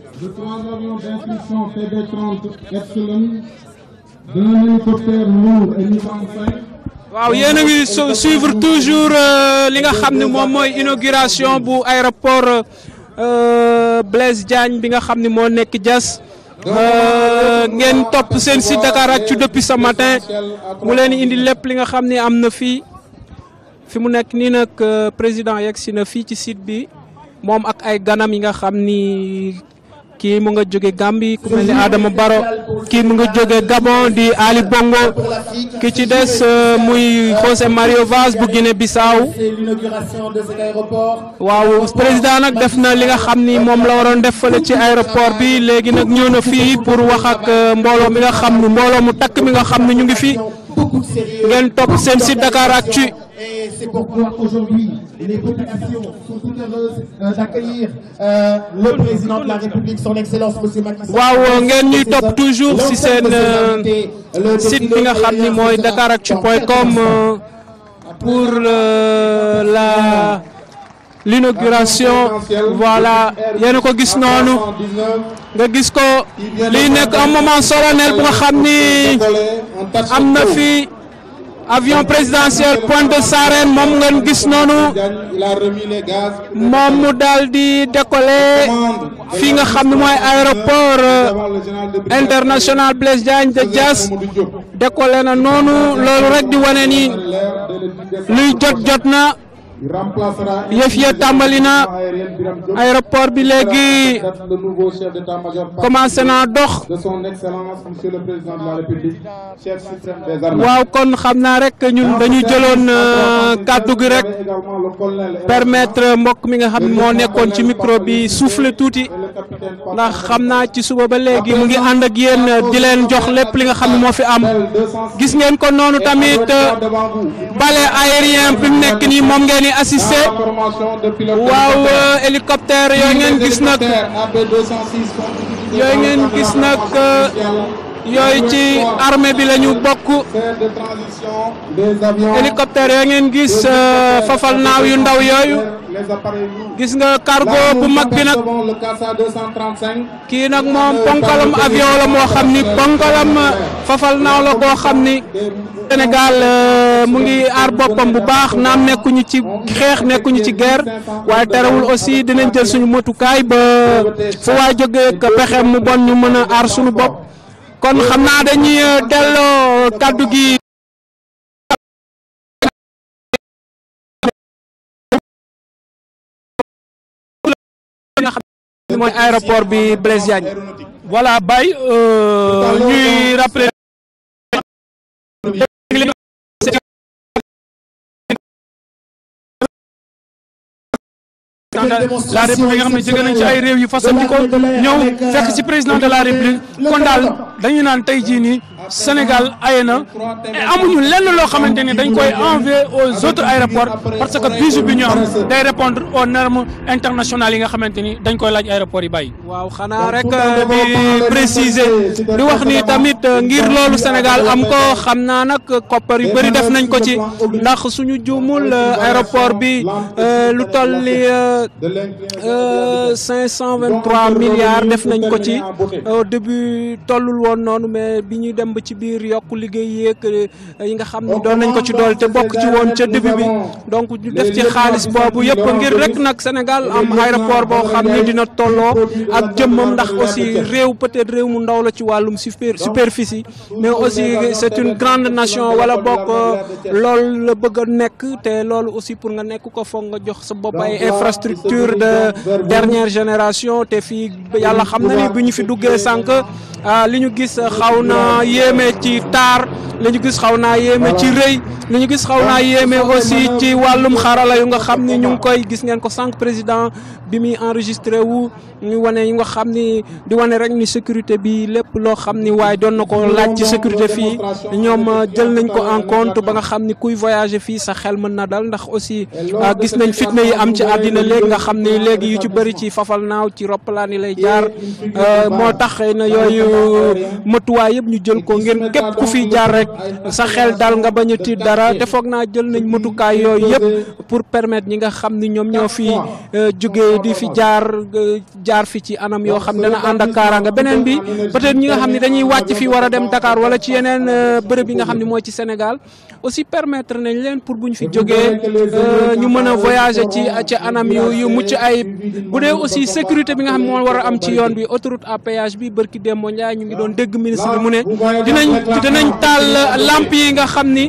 Je son avion d'instruction TB30 Epsilon, d'un hélicoptère lourd et suivre toujours euh, li l'inauguration de l'aéroport inauguration euh, Blaise Diagne bi nga jazz, euh, top depuis ce matin vous leen indi lépp li nga président yegg si ci ganam kii mu nga jóge Gambie ku mel ni Baro kii mu nga jóge Gabon di Ali Bongo ki ci des euh, muy José Mario Vaz bu Guinée Bissau waaw président nag def na li nga xam ni moom la waroon def fële ci aéroport bi léegi nag ñëw na fii pour wax ak euh, mbooloo mi nga xam ni mbooloo mu takk mi nga xam ni ñu ngi fii beaucoup de sérieux... Et c'est pourquoi aujourd'hui, les populations sont toutes heureuses euh, d'accueillir euh, le président de la République, son excellence, M. Macky Sall. waaw toujours si euh, le site bi dakaractu.com euh, pour la l'inauguration voilà yéen a ko gis noonu nga gis ko li moment solennel bu xamni amna avion présidentiel Pointe de Sarène mom ngeen gis noonu moom mu décoller aéroport international Blaise Diagne de Diass décoller na nonou lolu rek di ni yef ya tàmbali na aéroport bi légui commencé na dox waaw kon xamna rek ñun dañu jëlon euh, kàddu gi rek permettre mbokk mi nga xam mo nekkon ci micro bi souffle touti ndax xamna ci suba ba légui mu ngi and ak yeen di leen jox lepp li nga xam mo fi am gis ngeen ko nonu tamit euh, balai aérien bi nekk ni mom ngeen ngay assister waaw euh, hélicoptère yooyu ngeen gis nag yooyu ngeen gis nag euh, yooyu ci bi la ñu bokk Helikopter hélicoptère eh, ya ngeen gis eh, fafal naaw yu ndaw yooyu gis nga cargo bu mag bi nag kii nag moom ponkalam avion la moo xam ni ponkalam fafal naaw la koo xam ni Sénégal eh, mu ngi aar boppam bu baax naam nekkuñu ci xeex nekkuñu ci guerre waaye terewul aussi dinañ jël suñu motukaay ba fu waa ak mu bon ñu mën a suñu bopp kon xam naa dañuy euh, delloo kàddu gi mooy aéroport bi Blaise Diagne voilà Baye euh, ñuy rappeler la république nga xam ne nañ ci ay réew yu fasanti ko ñëw fekk ci président de la république kon daal dañuy naan tey jii nii Sénégal ayena amuñu lenn lo xamanteni dañ koy envoyer aux autres aéroports parce que bisu bi ñu am day répondre aux normes internationales yi nga xamanteni dañ koy laaj aéroport yi bay waaw xana rek euh, di préciser di wax ni tamit euh, ngir lolu Sénégal am ko xamna nak copper yu bari def nañ ko ci ndax suñu juumul aéroport bi euh, lu toll ni 523 milliards def nañ ko ci au début tollul won noonu mais biñu dem ci biir yokku liggéey yeek eh, yi nga xam ne oh, doon nañ ko ci dool te bokk ci woon ca début bi donc ñu def ci xaalis boobu yépp ngir rek nag Sénégal am aéroport boo xam ne dina tolloo ak jëmmam ndax aussi réew peut-être réew mu ndaw la ci wàllum super superficie mais aussi c'est une grande nation wala bokk loolu la bëgg a nekk te loolu aussi pour nga nekk ko foog nga jox sa bopp ay infrastructure de dernière génération te fii yàlla xam na ni bu ñu fi duggee sànq ah, li ñu gis xaw na yéeg yéeme ci taar li ñu gis xaw naa yéeme ci rëy li ñu gis xaw naa yéeme aussi ci wàllum xarala yu nga xam ni ñu ngi koy gis ngeen ko sànq président bi muy enregistré wu ñu wane yu nga xam ni di wane rek ni sécurité bi lépp loo xam ni waaye doon na ko laaj ci sécurité fii ñoom euh, jël nañ ko en compte ba nga xam ni kuy voyager fii sa xel mën na dal ndax aussi euh, gis nañ fitna yi am ci àddina léegi nga xam ni léegi yu ci bëri ci fafal naaw ci roppalaan yi lay jaar euh, moo tax na yooyu matuwaay yëpp ñu jël ko ko ngir kep ku fi jaar rek sa xel dal nga bañu ti dara te na jël nañ matukaay yoy yëpp pour permettre ñi nga xam ni ñoo fi euh, di fi jaar euh, jaar fi ci anam yo xam dana anda ak nga benen bi peut-être ñi nga xam ni dañuy wacc fi wara dem Dakar wala ci yenen euh, bërëb yi nga xam ni mooy ci Sénégal aussi permettre nañ leen pour buñ fi jógee ñu mëna voyager ci ci anam yu yu mucc ay. boudé aussi sécurité bi nga xam mo wara am ci yoon bi autoroute à péage bi barki dembo ñay ñu ngi doon dégg ministre mu né dinañ dinañ taal lamp yi nga xam ni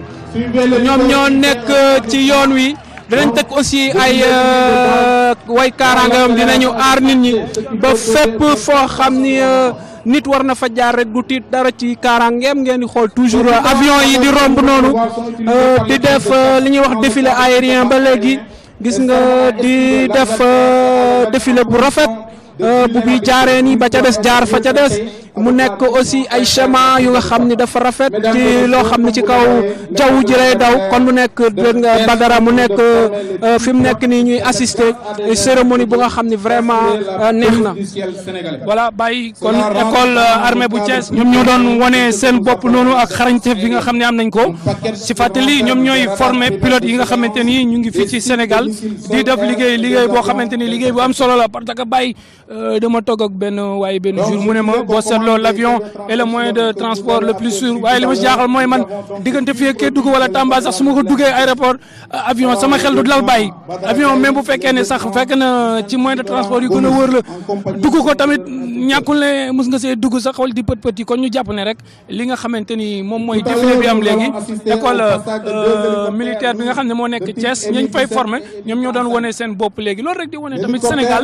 ñoom ñoo nekk ci yoon wi dinañ teg aussi ay euh, way kaaraangam dinañu aar nit ñi ba fépp foo xam ni euh, nit war na fa jaar rek du tiit dara ci kaaraangeem ngeen di xool toujours euh, avion yi di romb noonu di def li ñuy wax défilé aérien ba léegi gis nga di def défilé bu rafet bu bi jaaree nii ba ca des jaar fa ca des mu nekk aussi ay chemin yu nga xam ni dafa rafet ci loo xam ni ci kaw jaww ji lay daw kon mu nekk badara mu nekk euh, fi mu nekk nii ñuy assister cérémonie bu nga xam ni vraiment euh, neex na voilà bàyyi kon école euh, armée bu Thiès ñoom ñoo doon wone seen bopp noonu ak xarañteef bi nga xam ne am nañ ko ci fàttali ñoom ñooy formé pilote yi nga xamante ni ñu ngi fii ci Sénégal di def liggéey liggéey boo xamante ni liggéey bu am solo la parce que bàyyi dama togg ak benn waaye benn jour mu ne ma boo seet loolu l'avion est le moyen de transport le plus sûr waaye li ma si jaaxal man diggante fii ké Kédougou wala Tamba sax su ma ko duggee aéroport euh, avion sama xel du dal bay avion même bu féké né sax fekk na ci moyen de transport yu gëna wër wóor la dugg ko tamit ñakul né mos nga sé dugg sax wala di pët pët kon ñu japp né rek li nga xamante mom moy mooy défilé bi am légui école euh, militaire bi nga xam mo moo nekk Thiès ñañ fay formé ñom ñoo doon woné sen bop légui lool rek di woné tamit Sénégal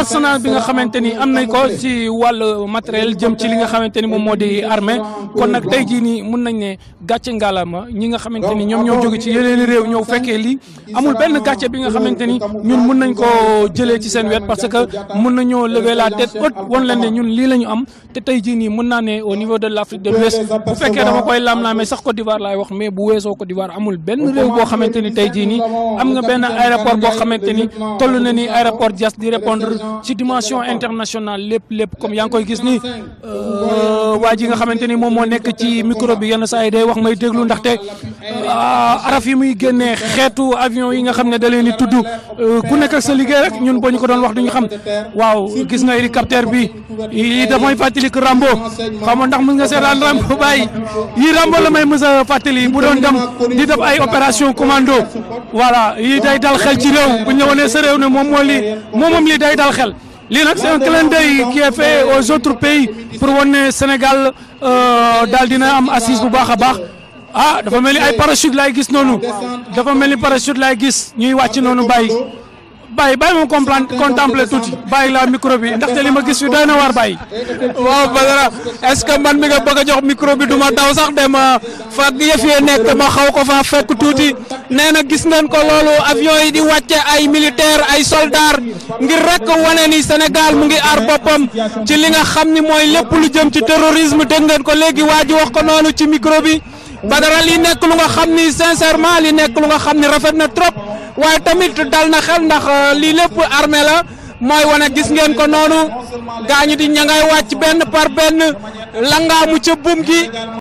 arsenal bi nga xamante ni am nañ ko ci wal matériel jëm ci li nga xamante ni moom moo di armée kon nag tey jii nii mun nañ ne gàcce ngalaama ñi nga xamante ni ñoom ñoo joge ci yeneen réew ñëw fekkee lii amul benn gàcce bi nga xamante ni ñun mun nañ koo jëlee ci seen wet parce que mun nañoo lever la tête haute wan leen ne ñun lii la ñu am te tey jii nii mun naa ne au niveau de l' Afrique de l'Ouest bu fekkee dama koy laam-laamee sax Côte d'Ivoire laay wax mais bu weesoo Côte d'Ivoire amul benn réew boo xamante ni tey jii nii am nga benn aéroport boo xamante ni toll na ni aéroport Diass di répondre lépp lépp comme yaa ngi koy gis nii Euh, waa ji nga xamante ni moom moo nekk ci micro bi yenn saa yi day wax may déglu ndaxte euh, araf yi muy génnee xeetu avion yi nga xam ne da leen di tudd euh, ku nekk sa liggéey rek ñun boo ñu ko doon wax duñu xam waaw gis nga hélicoptère bi yi damay fàttali ko Rambo xam ndax mën nga seetaan Rambo bàyyi yi Rambo la may mës a fàttali bu doon dem di def ay opération commando voilà yi day dal xel ci réew bu ñu sa réew ne moom moo lii moom moom lii day dal xel. lii nag c'est un clin d'œil autres pays pour wane ne Sénégal euh, daal dina am assise bu baax a baax ah dafa mel ni ay parachute laay gis noonu dafa mel ni parachute laay gis ñuy wàcc noonu bàyyi. bàyyi bàyyi moom comprendre contempler tuuti bàyyi la micro bi ndaxte li ma gis fi doy na waar bàyyi. waaw Badara est-ce que man mi nga bëgg a jox micro bi du ma daw sax dem euh, fa yëf yee nekk ma xaw ko fa fekk tuuti nee na gis nañ ko loolu avion yi di wàcce ay militaire ay soldat ngir rek wane ni Sénégal mu ngi aar boppam ci li nga xam ni mooy lépp lu jëm ci terrorisme dégg ngeen ko léegi waa ji wax ko noonu ci micro bi. Badara li nekk lu nga xam ni sincèrement li nekk lu nga xam ni rafet na trop waaye tamit dal na xel ndax euh, lii lépp armée la mooy wane gis ngeen ko noonu gaañu di ña ngay wàcc benn par benn langaamu ca buum gi.